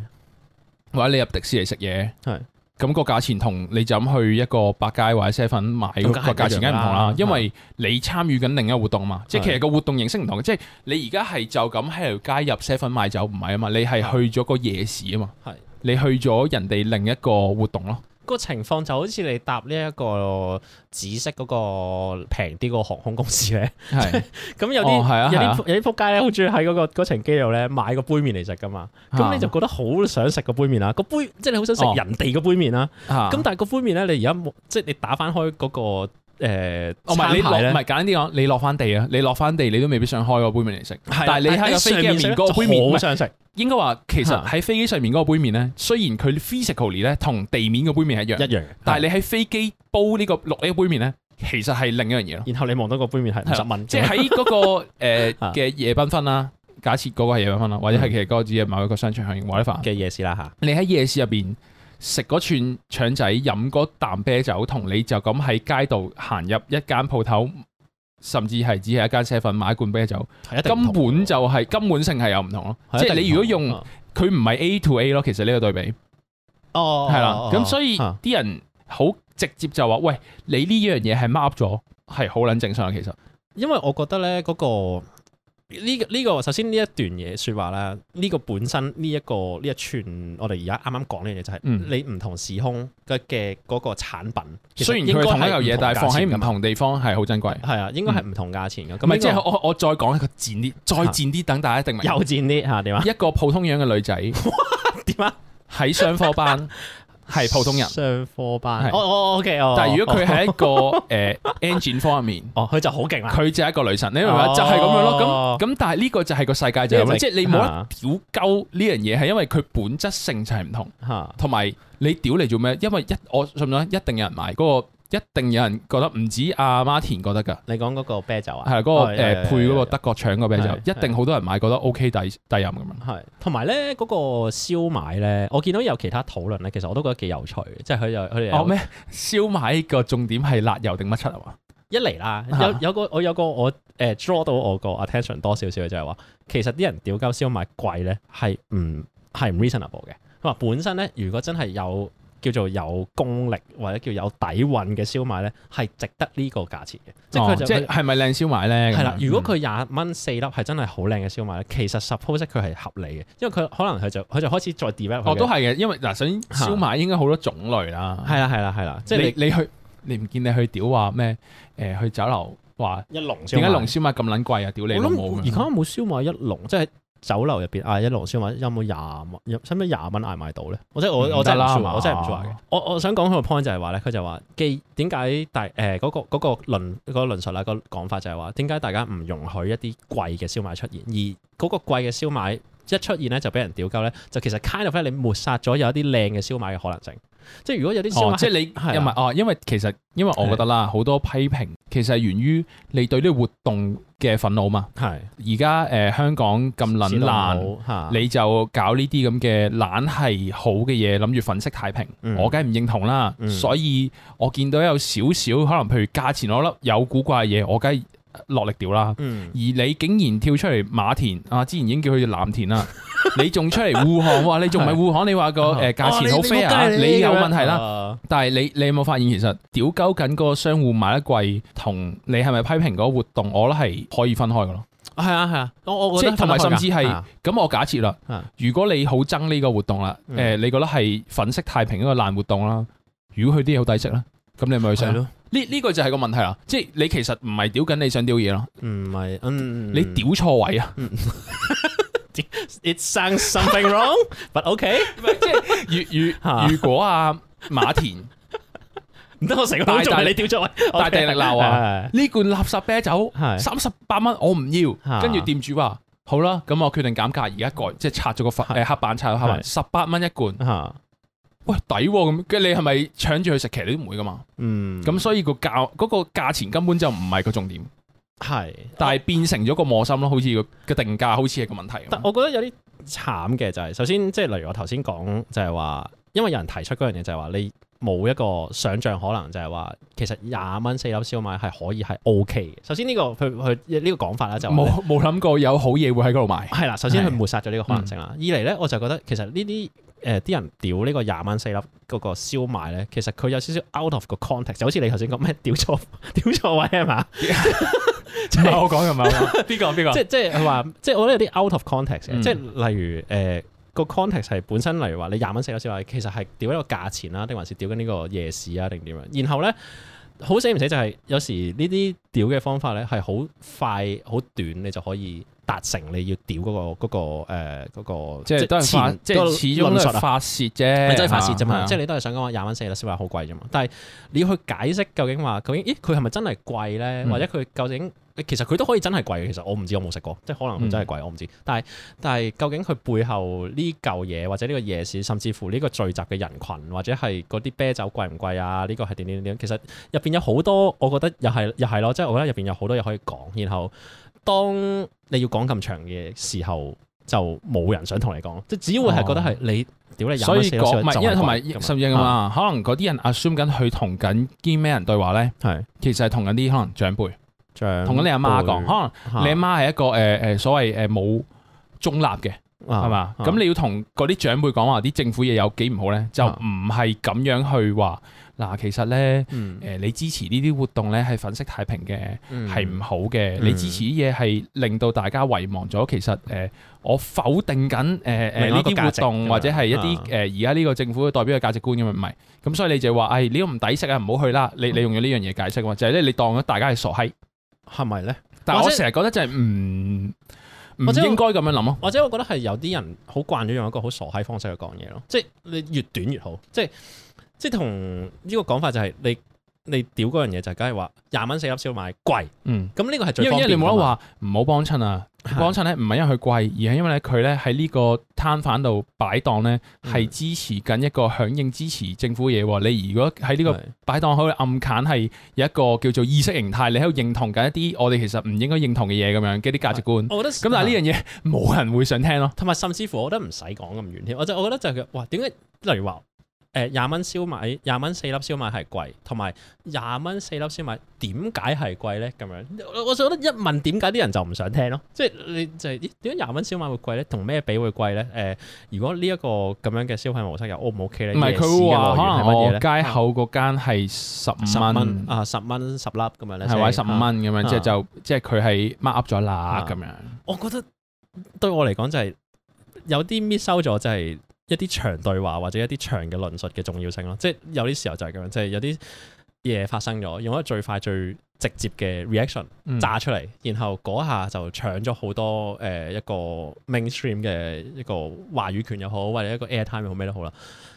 或者你入迪士尼食嘢係。哈咁個價錢同你就咁去一個百佳或者 seven 買嗰個價錢梗係唔同啦，因為你參與緊另一個活動嘛，即係其實個活動形式唔同嘅，是的 即係你而家係就咁喺條街入 seven 買酒唔係啊嘛，你係去咗個夜市啊嘛，係是的 你去咗人哋另一個活動咯。個情況就好似你搭呢一個紫色嗰個平啲個航空公司咧，咁有啲有啲有啲仆街咧，好鍾意喺嗰個程機度咧買個杯麪嚟食㗎嘛。咁你就覺得好想食個杯麪啦，個杯即係你好想食人哋個杯麪啦。咁但係個杯麪咧，你而家即係你打翻開嗰個誒餐牌咧，唔係簡單啲講，你落翻地啊，你落翻地你都未必想開個杯麪嚟食。係啦，但係喺個飛機上面個杯麪就好想食。應該話其實喺飛機上面嗰個杯麵咧，雖然佢 physically 咧同地面個杯麵一樣，一樣，但係你喺飛機煲、這個、個呢個六 A 杯麵咧，其實係另一樣嘢咯。然後你望到個杯麵係十蚊，即係喺嗰個嘅、呃、 夜繽紛啦。假設嗰個係夜繽紛啦，或者係其實嗰個只係某一個商場無論如何嘅夜市啦嚇。你喺夜市入邊食嗰串腸仔，飲嗰啖啤酒，同你就咁喺街度行入一間鋪頭。甚至係只係一間車粉買一罐啤酒，根本就係、是、根本性係有唔同咯。同即係你如果用佢唔係 A to A 咯，其實呢個對比，哦，係啦的。咁、哦、所以啲人好直接就話：，嗯、喂，你呢樣嘢係 mark 咗，係好撚正常。其實，因為我覺得咧，嗰個。呢個呢個，首先呢一段嘢說話啦，呢個本身呢一個呢一串，我哋而家啱啱講呢樣嘢就係，你唔同時空嘅嘅嗰個產品，嗯、該雖然應該同一樣嘢，但係放喺唔同地方係好珍貴。係啊，應該係唔同價錢嘅。咁咪，即係我我再講一個賤啲，再賤啲，等大家一定唔又賤啲吓？點啊？一個普通樣嘅女仔，點啊 樣？喺上課班。 係普通人，上課班，我我是、哦、OK，我、oh, 但係如果佢係一個誒 engine 科入面，哦，佢、呃哦、就好勁啦，佢就係一個女神，你明唔明、哦、就係咁樣咯，咁咁但係呢個就係個世界就係咁，即係你冇一條溝呢樣嘢係因為佢本質性就係唔同，吓、啊，同埋你屌嚟做咩？因為一我信唔信一定有人買、嗰個。一定有人覺得唔止阿、啊、Martin 覺得㗎，你講嗰個啤酒啊，係啊嗰個、哎呃、配嗰個德國腸個啤酒，是一定好多人買覺得 OK 抵抵飲咁啊。係，同埋咧嗰個燒賣咧，我見到有其他討論咧，其實我都覺得幾有趣，即係佢就佢哋哦咩燒賣個重點係辣油定乜出啊？一嚟啦，有有個我有個我誒、呃、draw 到我個 attention 多少少嘅就係話，其實啲人屌鳩燒賣貴咧係唔係唔 reasonable 嘅。佢話本身咧，如果真係有。叫做有功力或者叫有底蘊嘅燒賣咧，係值得呢個價錢嘅。哦、即係即係係咪靚燒賣咧？係啦，如果佢廿蚊四粒係真係好靚嘅燒賣咧，其實 suppose 佢係合理嘅，因為佢可能佢就佢就開始再 develop。我都係嘅，因為嗱，首先燒賣應該好多種類啦。係啦，係啦，係啦。即係你的你去，你唔見你去屌話咩？誒、呃，去酒樓話一龍點解龍燒賣咁撚貴啊？屌你老母！我諗而家冇燒賣一龍，即係、嗯。酒樓入邊啊，一籮燒賣有冇廿蚊？有使唔使廿蚊捱賣到咧？我即我我真係唔説我真係唔説我我想講佢個 point 就係話咧，佢就話，既點解大誒嗰、呃那個嗰、那個論那個論述啦，那個講法就係話點解大家唔容許一啲貴嘅燒賣出現，而嗰個貴嘅燒賣一出現咧就俾人屌鳩咧，就其實 kind of like, 你抹殺咗有一啲靚嘅燒賣嘅可能性。即係如果有啲燒賣你，即係你係啊，啊因為哦，因為其實因為我覺得啦，好的多批評其實係源於你對呢個活動。嘅憤怒嘛，係而家誒香港咁撚難，你就搞呢啲咁嘅撚係好嘅嘢，諗住粉飾太平，嗯、我梗係唔認同啦。嗯、所以我見到有少少可能，譬如價錢攞粒有古怪嘅嘢，我梗係落力掉啦。嗯、而你竟然跳出嚟馬田啊，之前已經叫佢藍田啦。嗯 你仲出嚟護航你仲唔係護航？你話個誒價錢好飛啊？你有問題啦。啊、但係你你有冇發現其實屌鳩緊個商戶賣得貴，同你係咪批評嗰個活動，我覺得係可以分開噶咯。係啊係啊，我我即係同埋甚至係咁，我假設啦，如果你好憎呢個活動啦，誒，你覺得係粉飾太平一個爛活動啦？如果佢啲嘢好抵食咧，咁你咪去上？咯、啊，呢呢、這個就係個問題啦。即係你其實唔係屌緊你想屌嘢咯，唔係，嗯、你屌錯位啊。嗯嗯嗯 It sounds something wrong, but o okay . k 即係如如如果阿、啊、馬田唔得， 我成個觀眾嚟吊出嚟，大大力鬧啊！呢 Okay. 罐垃圾啤酒三十八蚊， 我唔要。 跟住店主話：好啦，咁我決定減價而家改，即係拆咗個塊誒黑板，拆咗黑板，十八蚊一罐。 喂，抵咁、啊！跟住你係咪搶住去食其他啲梅噶嘛？嗯，咁所以個價嗰、那個價錢根本就唔係個重點。係，是但係變成咗個磨心咯，我好似個定價好似係個問題。但我覺得有啲慘嘅就係，首先即係例如我頭先講就係話，因為有人提出嗰樣嘢就係話，你冇一個想象可能就係話，其實廿蚊四粒燒賣係可以係 O K 嘅。首先呢個佢佢呢個講法咧就冇冇諗過有好嘢會喺嗰度賣。係啦，首先佢抹殺咗呢個可能性啦。二嚟咧，嗯、我就覺得其實、呃、呢啲誒啲人屌呢個廿蚊四粒嗰個燒賣咧，其實佢有少少 out of 個 context，就好似你頭先講咩屌錯屌錯位係嘛。 唔係我講嘅，唔係我講。邊個邊個？ 即即係話，即係我覺得有啲 out of context 嘅。 即係例如誒個、呃、context 係本身，例如話你廿蚊食咗少少，其實係調一個價錢啦，定還是調緊呢個夜市啊，定點樣？然後咧，好死唔死就係有時呢啲調嘅方法咧，係好快好短，你就可以，達成你要屌嗰個嗰個誒嗰個，嗰個呃嗰個、即係即係始終都係發泄啫，真係發泄啫嘛。啊、即係你都係想講話廿蚊四粒燒賣好貴啫嘛。但係你要去解釋究竟話究竟咦佢係咪真係貴咧？或者佢究竟其實佢都可以真係貴。其實我唔知我冇食過，即係可能真係貴我唔知。但係但係究竟佢背後呢嚿嘢，或者呢個夜市，甚至乎呢個聚集嘅人群，或者係嗰啲啤酒貴唔貴啊？呢、呢個係點點點其實入邊有好多，我覺得又係又係咯，即係、即係、我覺得入邊有好多嘢可以講，然後，然後。當你要講咁長嘅時候，就冇人想同你講，即係只會係覺得係你，屌、哦、你所以講，唔係因為同埋適應啊嘛。可能嗰啲人 assume 緊佢同緊啲咩人對話咧，係的其實係同緊啲可能長輩，同緊輩你阿媽講。可能你阿媽係一個誒誒、呃呃、所謂誒冇中立嘅，係嘛？咁、嗯、你要同嗰啲長輩講話，啲政府嘢有幾唔好咧，就唔係咁樣去話。嗱，其實咧，誒，你支持呢啲活動咧，係粉飾太平嘅，係唔好嘅。你支持啲嘢係令到大家遺忘咗，其實誒，我否定緊誒誒呢啲活動，或者係一啲誒而家呢個政府代表嘅價值觀咁啊？唔係，咁所以你就話，誒，你都唔抵食啊，唔好去啦。你你用咗呢樣嘢解釋喎，就係咧，你當咗大家係傻閪，係咪咧？但我成日覺得就係唔唔應該咁樣諗咯。或者我覺得係有啲人好慣咗用一個好傻閪方式去講嘢咯。即係你越短越好，即係。即係同呢個講法就係你你屌嗰樣嘢就係梗係話廿蚊四粒燒賣貴，咁呢、嗯、個係最。因為你冇得話唔好幫襯啊！幫襯咧唔係因為佢貴，而係因為咧佢咧喺呢個攤販度擺檔咧係支持緊一個響應支持政府嘢。嗯、你如果喺呢個擺檔喺暗揀係有一個叫做意識形態，你喺度認同緊一啲我哋其實唔應該認同嘅嘢咁樣嘅啲價值觀。我覺得咁，但係呢樣嘢冇人會想聽咯。同埋甚至乎我，我覺得唔使講咁遠添。我就我覺得就係佢話點解？例如話。誒廿蚊燒賣，廿蚊四粒燒賣係貴，同埋廿蚊四粒燒賣點解係貴咧？咁樣，我我就覺得一問點解啲人就唔想聽咯，即係你就係點解廿蚊燒賣會貴咧？同咩比會貴咧？誒，如果呢一個咁樣嘅消費模式又 O 唔 O K 咧？唔係佢話啊，街口嗰間係十十蚊啊，十蚊十粒咁樣咧，係話十五蚊咁樣，即係就即係佢係 mark up 咗啦咁樣。我覺得對我嚟講就係有啲 miss 收咗就係。一啲長對話或者一啲長嘅論述嘅重要性咯，即係有啲時候就係咁樣，即係有啲嘢發生咗，用咗最快最直接嘅 reaction 炸出嚟，嗯、然後嗰下就搶咗好多誒、呃、一個 mainstream 嘅一個話語權又好，或者一個 airtime 又好咩都好啦，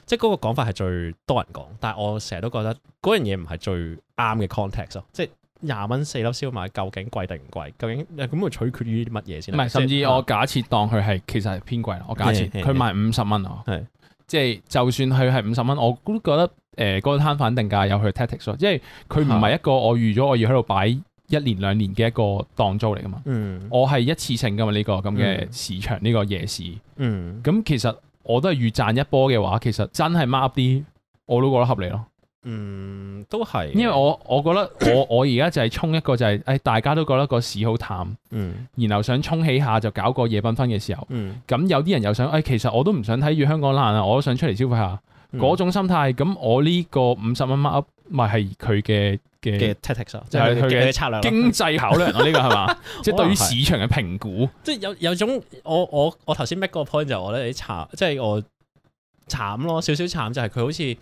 即係嗰個講法係最多人講，但係我成日都覺得嗰樣嘢唔係最啱嘅 context 咯，即係。廿蚊四粒燒賣究竟貴定唔貴？究竟誒咁會取決於乜嘢先？唔係，甚至我假設當佢係其實係偏貴啦。我假設佢賣五十蚊啊，係即係就算佢係五十蚊，我都覺得誒嗰、呃嗰個攤販定價有佢 tactics 咯，因為佢唔係一個我預咗我要喺度擺一年兩年嘅一個檔租嚟噶嘛。嗯，是我係一次性噶嘛呢、呢個咁嘅市場呢個夜市。嗯，咁其實我都係預賺一波嘅話，其實真係 mark 啲我都覺得合理咯。嗯，都係，因為我我覺得我我而家就係衝一個就係、是，誒，大家都覺得個市好淡，嗯，然後想衝起下就搞個夜繽紛嘅時候，嗯，咁有啲人又想，誒，其實我都唔想睇住香港爛啊，我都想出嚟消費下，嗰、嗯、種心態，咁我呢個五十蚊 mark up，唔係佢嘅嘅 t 即係佢嘅策略，經濟考量呢、嗯、個係嘛，即係 對於市場嘅評估，即係有有種我我我頭先 make 個 point 就我咧你慘，即係我慘咯，少少慘就係佢好似。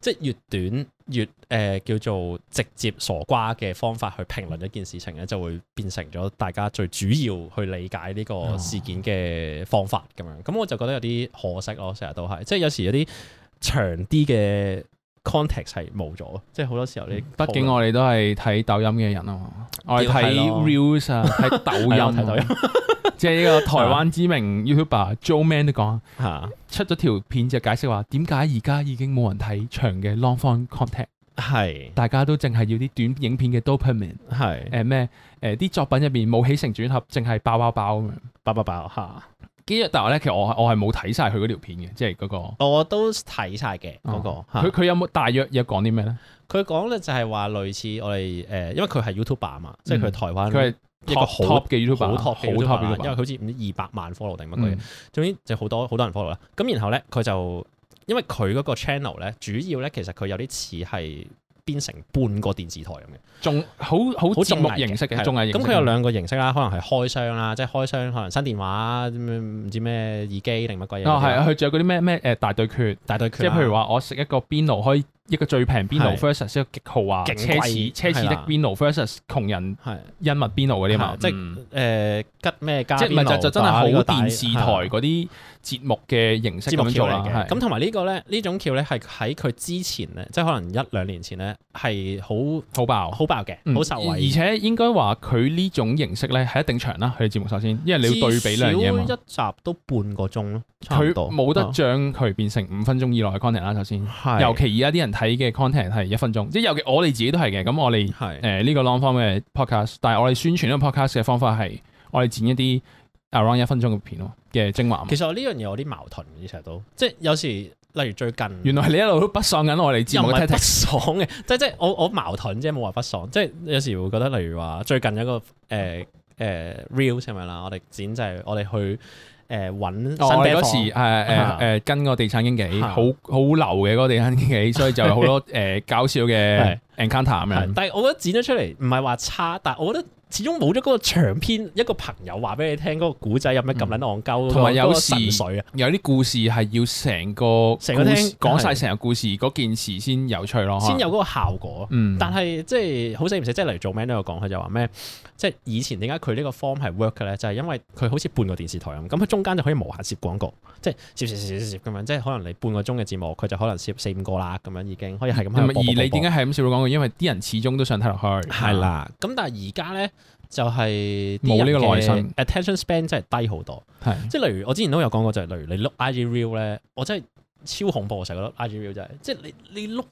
即係越短越誒、呃、叫做直接傻瓜嘅方法去評論一件事情咧，就會變成咗大家最主要去理解呢個事件嘅方法咁樣。咁我就覺得有啲可惜咯，成日都係即繫有時有啲長啲嘅 context 係冇咗，即係好多時候你，畢、嗯、竟我哋都係睇抖音嘅人啊嘛，我哋睇 reels 啊，睇 抖音，睇抖音。即係呢個台灣知名 YouTuber Joe Man 都講啊，出咗條片就解釋話點解而家已經冇人睇長嘅 long form content 係大家都淨係要啲短影片嘅 dopamine 係咩誒啲作品入邊冇起承轉合，淨係爆爆爆咁樣，爆爆爆嚇。今、啊、日但係咧，其實我我係冇睇晒佢嗰條片嘅，即係嗰、嗰個我都睇晒嘅嗰個。佢、啊、佢、啊、有冇大約有講啲咩咧？佢講咧就係話類似我哋誒、呃，因為佢係 YouTuber 嘛，即係佢係台灣。嗯一個好 top 嘅 YouTube，好 top 嘅 YouTube，因為佢好似唔知二百萬 follow 定乜鬼嘢，嗯，總之就好多好多人 follow 啦。咁然後咧，佢就因為佢嗰個 channel 咧，主要咧其實佢有啲似係變成半個電視台咁嘅，仲好好節目形式嘅，仲係咁。佢、嗯、有兩個形式啦，可能係開箱啦，即係開箱可能新電話唔知咩耳機定乜鬼嘢。哦，係啊，佢仲有嗰啲咩咩誒大對決、大對決、啊，即係譬如話我食一個邊爐可以。一個最平邊爐，versus 一個極豪啊！奢侈奢侈的邊爐，versus 窮人恩物邊爐嗰啲嘛，即係誒吉咩家？即係就真係好電視台嗰啲節目嘅形式咁做。咁同埋呢個咧，呢種橋咧係喺佢之前咧，即係可能一兩年前咧係好好爆好爆嘅，好受惠。而且應該話佢呢種形式咧係一定長啦，佢嘅節目首先，因為你要對比兩樣嘢啊嘛，至少一集都半個鐘咯，佢冇得將佢變成五分鐘以內嘅 content 啦。首先，尤其而家啲人。睇嘅 content 係一分鐘，即係尤其我哋自己都係嘅。咁我哋係誒呢個 long form 嘅 podcast，但係我哋宣傳呢個 podcast 嘅方法係我哋剪一啲 around 一分鐘嘅片咯嘅精華。其實呢樣嘢有啲矛盾以成日都即係有時，例如最近原來你一路都不，不，不爽緊 我哋，又唔係不爽嘅，即係即係我我矛盾即係冇話不爽，即係有時會覺得例如話最近有個誒誒 reel 咁樣啦，我哋剪就係、是、我哋去。誒揾我嗰時，誒誒跟個地產經紀，好好流嘅嗰個地產經紀，所以就有好多誒搞笑嘅 encounter 啊嘛。但係我覺得剪咗出嚟唔係話差，但係我覺得始終冇咗嗰個長篇一個朋友話俾你聽嗰個古仔有咩咁撚戇鳩，同埋有神髓啊！有啲故事係要成個成講晒成個故事嗰件事先有趣咯，先有嗰個效果。但係即係好死唔死即係嚟做咩都有講，佢就話咩？即係以前點解佢呢個 form 係 work 嘅咧？就係、是、因為佢好似半個電視台咁，咁、嗯、佢、嗯嗯嗯嗯、中間就可以無限攝廣告，即係攝攝攝攝攝咁樣，嗯、即係可能你半個鐘嘅節目，佢就可能攝四五個啦咁樣已經，可以係咁。而你點解係咁攝廣告？因為啲人始終都想睇落去。係啦，咁、嗯嗯、但係而家咧就係冇呢個耐心，attention span 真係低好多。即係例如我之前都有講過，就係、是、例如你 look IG reel 咧，我真係超恐怖，成日覺得 IG reel 真係，即係你你 l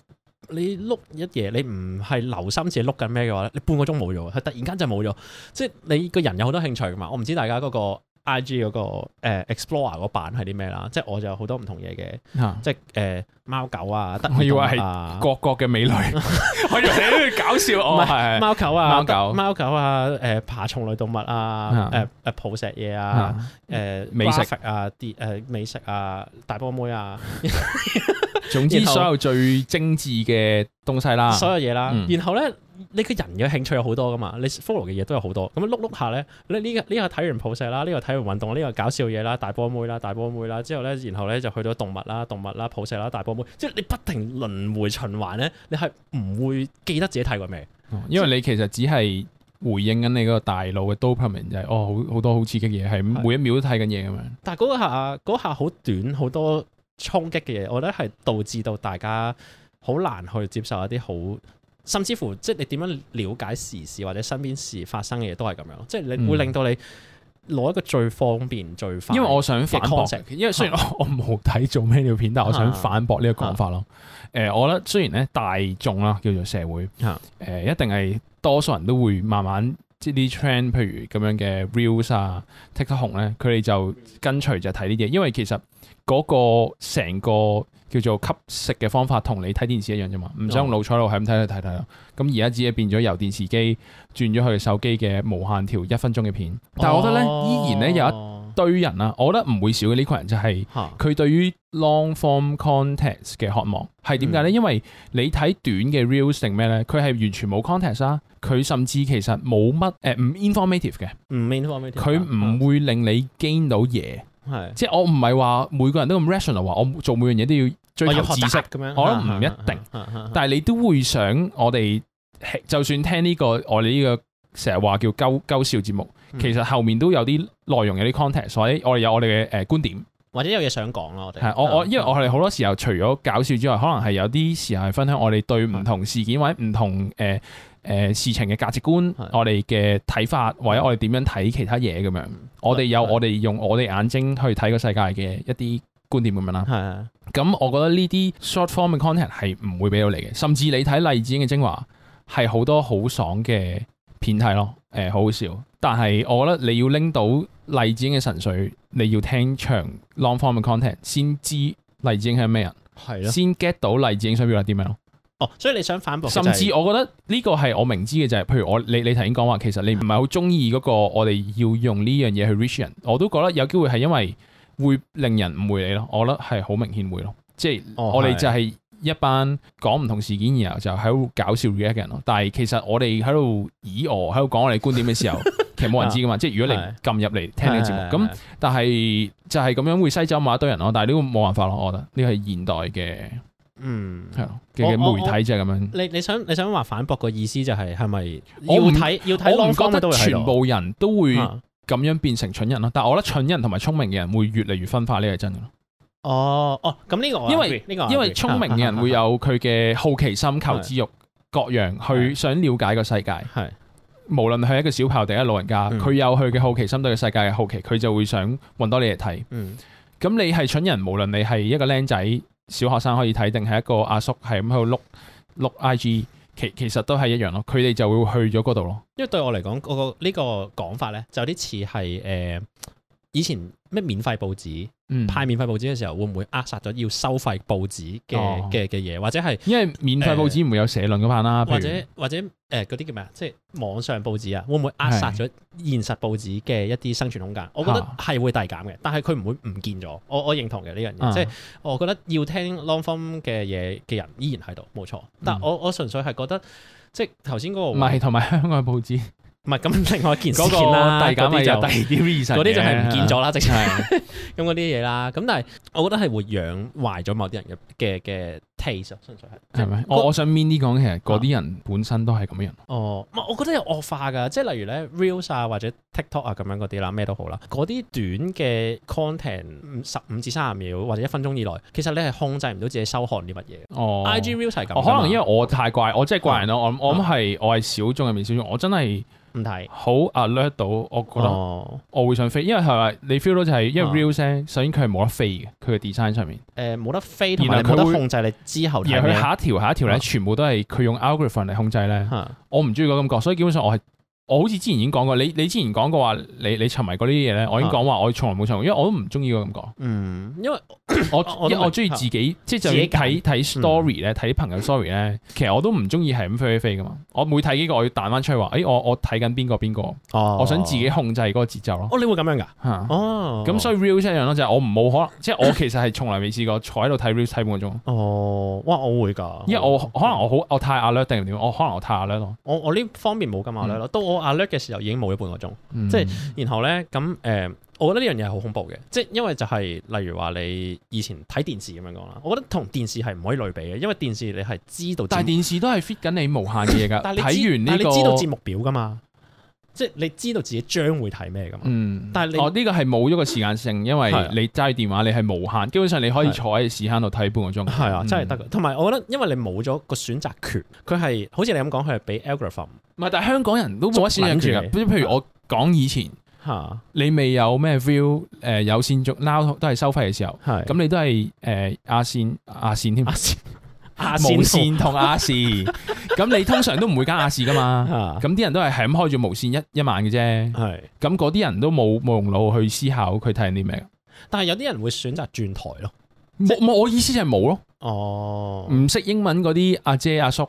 你碌一夜，你唔係留心自己碌緊咩嘅話，你半個鐘冇咗，係突然間就冇咗，即係你個人有好多興趣嘛，我唔知大家嗰、嗰個。I.G 嗰個 Explorer 嗰版係啲咩啦？即係我就有好多唔同嘢嘅，即係誒貓狗啊，得意動物啊，各國嘅美女，我以為係搞笑哦，係貓狗啊，貓狗，貓狗啊，誒爬蟲類動物啊，誒誒寶石嘢啊，誒美食啊啲誒美食啊，大波妹啊，總之所有最精緻嘅東西啦，所有嘢啦，然後咧。你個人嘅興趣有好多噶嘛？你 follow 嘅嘢都有好多，咁樣碌碌下咧，你、這、呢個呢、這個睇完普世啦，呢、這個睇完運動，呢、這個搞笑嘢啦，大波妹啦，大波妹啦，之後咧，然後咧就去到動物啦，動物啦，普世啦，大波妹，即係你不停輪迴循環咧，你係唔會記得自己睇過咩，哦？因為你其實只係回應緊你嗰個大腦嘅 dopamine，就係、是、哦，好好多好刺激嘢，係是每一秒都睇緊嘢咁樣。但係嗰下嗰下好短，好多衝擊嘅嘢，我覺得係導致到大家好難去接受一啲好。甚至乎，即係你點樣了解時事或者身邊事發生嘅嘢，都係咁樣，即係你會令到你攞一個最方便、最快。因為我想反駁，因為雖然我我冇睇做咩條片，但係我想反駁呢個講法咯。誒、啊呃，我覺得雖然咧大眾啦叫做社會誒、啊呃，一定係多數人都會慢慢即啲 trend，譬如咁樣嘅 reels 啊、tiktok 紅咧，佢哋就跟隨就睇呢啲嘢，因為其實嗰個成個。叫做吸食嘅方法同你睇電視一樣啫嘛，唔使用腦彩路係咁睇睇睇睇咯。咁而家只係變咗由電視機轉咗去手機嘅無限條一分鐘嘅片。但係我覺得咧，哦、依然咧有一堆人啊，我覺得唔會少嘅呢群人就係佢對於 long form context 嘅渴望係點解咧？為呢嗯、因為你睇短嘅 reels 定咩咧？佢係完全冇 context 啦，佢甚至其實冇乜誒唔 informative 嘅，唔 informative，佢唔會令你 get 到嘢。嗯係，即係我唔係話每個人都咁 rational 話，我做每樣嘢都要追求知識，我諗唔一定。啊啊啊啊啊、但係你都會想我，我哋就算聽呢、這個我哋呢個成日話叫鳩鳩笑節目，其實後面都有啲內容，有啲 context，所以我哋有我哋嘅誒觀點。或者有嘢想講咯，的嗯、我哋係我我因為我哋好多時候除咗搞笑之外，可能係有啲時候係分享我哋對唔同事件的或者唔同誒誒、呃呃、事情嘅價值觀，的我哋嘅睇法的或者我哋點樣睇其他嘢咁樣，的我哋有我哋用我哋眼睛去睇個世界嘅一啲觀點咁樣啦。係咁的的我覺得呢啲 short form 嘅 content 係唔會俾到你嘅，甚至你睇黎智英嘅精華係好多好爽嘅片題咯。誒、呃，好好笑，但係我覺得你要拎到黎智英嘅純粹，你要聽長 long form 嘅 content 先知黎智英係咩人，係咯的，先 get 到黎智英想表達啲咩咯。哦，所以你想反駁、就是？甚至我覺得呢個係我明知嘅，就係、是、譬如我你你頭先講話，其實你唔係好中意嗰個我哋要用呢樣嘢去 reach 人，我都覺得有機會係因為會令人誤會你咯。我覺得係好明顯會咯，即、就、係、是、我哋就係、是。哦一班講唔同事件然後就喺度搞笑 react 嘅人咯，但係其實我哋喺度以我喺度講我哋觀點嘅時候，其實冇人知噶嘛， 的即係如果你撳入嚟聽你個節目，咁但係就係咁樣會西走埋一堆人咯，但係呢個冇辦法咯，我覺得呢個係現代嘅，嗯，係嘅媒體啫咁樣。你你想你想話反駁個意思就係係咪？我唔不睇，要睇。我全部人都會咁樣變成蠢人咯，但係我覺得蠢人同埋聰明嘅人會越嚟越分化，呢個係真哦哦，咁呢個因為呢個因為聰明嘅人會有佢嘅好奇心、求知欲各樣，去 想了解個世界。係 是的 無論係一個小朋友定係老人家，佢、 嗯、有佢嘅好奇心對個世界嘅好奇，佢就會想揾多你嚟睇。嗯，咁你係蠢人，無論你係一個僆仔、小學生可以睇，定係一個阿叔係咁喺度碌碌 I G，其其實都係一樣咯。佢哋就會去咗嗰度咯。因為對我嚟講，嗰個呢個講法咧，就有啲似係誒。以前咩免費報紙、嗯、派免費報紙嘅時候，會唔會扼殺咗要收費報紙嘅嘅嘅嘢？或者係因為免費報紙唔、呃、會有社論咁樣啦，或者或者誒嗰啲叫咩啊？即係網上報紙啊，會唔會扼殺咗現實報紙嘅一啲生存空間？是我覺得係會大減嘅，但係佢唔會唔見咗。我我認同嘅呢樣嘢，哦、即係我覺得要聽 longform 嘅嘢嘅人依然喺度，冇錯。但我、嗯、我純粹係覺得，即係頭先嗰個唔係同埋香港嘅報紙。 咁，另外一件事件啦，嗰啲就第二啲就係唔見咗啦，即係咁嗰啲嘢啦。咁 但係我覺得係會養壞咗某啲人嘅嘅 taste，純粹係係咪？我嗎那我想面啲講，其實嗰啲人本身都係咁嘅人、啊。哦，我覺得有惡化㗎，即係例如咧 reels 啊，或者 TikTok、ok、啊咁樣嗰啲啦，咩都好啦，嗰啲短嘅 content 十五至三十秒或者一分鐘以內，其實你係控制唔到自己收看啲乜嘢。IG reels 係咁。可能因為我太怪，我真係怪人咯。我我係我係小眾入面小眾，我真係。好啊，learn 到，alert, 我覺得我會想飛，因為係咪？你 feel 到就係、是，因為 real 聲，首先佢係冇得飛嘅，佢嘅 design 上面，誒冇得飛，同埋冇得控制你之後，然後佢下一條下一條咧，哦、全部都係佢用 algorithm 嚟控制咧，嗯、我唔中意嗰感覺，所以基本上我係。我好似之前已經講過，你你之前講過話，你你沉迷過呢啲嘢咧，我已經講話，我從來冇沉迷，因為我都唔中意個感覺。嗯，因為我因我中意自己，即係自己睇睇 story 咧，睇朋友 story 咧，其實我都唔中意係咁飛飛飛噶嘛。我每睇幾個，我要彈翻出嚟話，誒我我睇緊邊個邊個。哦，我想自己控制嗰個節奏咯。哦，你會咁樣噶？哦，咁所以 real 一樣咯，就係我唔冇可能，即係我其實係從來未試過坐喺度睇 real 睇半個鐘。哦，哇，我會㗎，因為我可能我好我太 alert 定點，我可能我太 alert 咯。我我呢方面冇咁 alert 咯，都我。阿叻嘅時候已經冇咗半個鐘，嗯、即係然後咧咁誒，我覺得呢樣嘢係好恐怖嘅，即係因為就係、是、例如話你以前睇電視咁樣講啦，我覺得同電視係唔可以類比嘅，因為電視你係知道。但係電視都係 fit 緊你無限嘅嘢噶，睇完呢個。但係你知道節目表噶嘛？即係你知道自己將會睇咩㗎嘛，嗯、但係你哦呢個係冇咗個時間性，因為你揸住電話，你係無限，基本上你可以坐喺時間度睇半個鐘係啊，的嗯、真係得㗎。同埋我覺得，因為你冇咗個選擇權，佢係好似你咁講，佢係俾 algorithm。唔係，但係香港人都冇得選擇權。即係譬如我講以前吓，啊啊、你未有咩 view 誒有線中 now 都係收費嘅時候，咁、啊啊、你都係誒壓線壓線添無綫同亞視，咁 你通常都唔會加亞視噶嘛？咁啲 人都係係咁開住無綫一一晚嘅啫。係咁嗰啲人都冇冇用腦去思考佢睇緊啲咩。但係有啲人會選擇轉台咯。我我意思就係冇咯。哦，唔識英文嗰啲阿姐阿叔。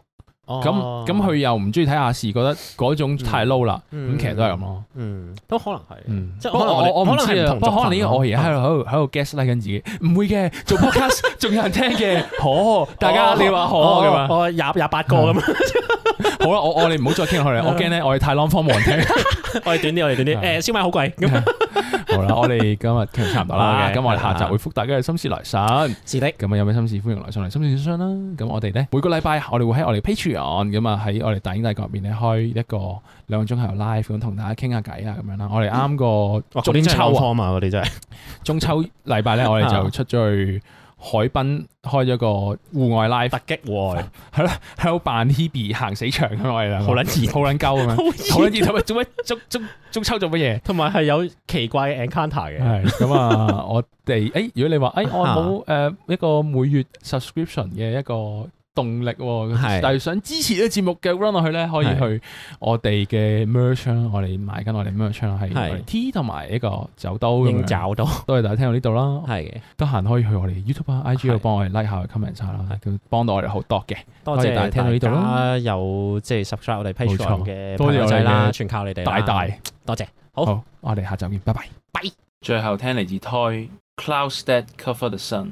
咁咁佢又唔中意睇亞視，覺得嗰種太 low 啦。咁其實都係咁咯。嗯，都可能係。嗯，即係我我我唔知啊。不過可能你我而家喺度喺度喺度 gaslight 緊自己，唔會嘅，做 podcast 仲有人聽嘅。好，大家你話好，咁廿廿八個咁好啦，我我哋唔好再傾落嚟，我驚咧我哋太 long form 冇人聽，我哋短啲，我哋短啲。誒，燒賣好貴。好啦，我哋今日傾得差唔多啦，咁我哋下集會覆大家嘅心事來信，是的。咁啊，有咩心事歡迎來信嚟，心事信箱啦。咁我哋咧，每個禮拜我哋會喺我哋 Patreon 咁啊，喺我哋大鷹帝國入面咧開一個兩個鐘頭 live，咁同大家傾下偈啊，咁樣啦。我哋啱個中秋啊嘛，我哋就係中秋禮拜咧，我哋就出咗去，海濱開咗個戶外 live 突擊喎。係啦，喺度扮 hebe 行死場，咁我哋兩個好撚熱，好撚鳩啊！好撚熱，做乜做乜做做乜嘢，同埋係有奇怪嘅 encounter 嘅。係 咁啊，我哋誒、欸，如果你話誒、欸，我冇誒一個每月 subscription 嘅一個動力喎，但係想支持呢個節目嘅 run 落去咧，可以去我哋嘅 merch，我哋買緊我哋 merch 係 T 同埋呢個酒兜咁樣。肘兜，多謝大家聽到呢度啦。係，得閒可以去我哋 YouTube 啊、IG 啊，幫我哋 like 下 comment 下啦，咁幫到我哋好多嘅。多謝大家聽到呢度啦，有即係 subscribe 我哋 page 嘅，多謝啦，全靠你哋。大大，多謝。好，我哋下週見，拜拜。拜。最後聽嚟自《Toy Clouds That Cover the Sun》。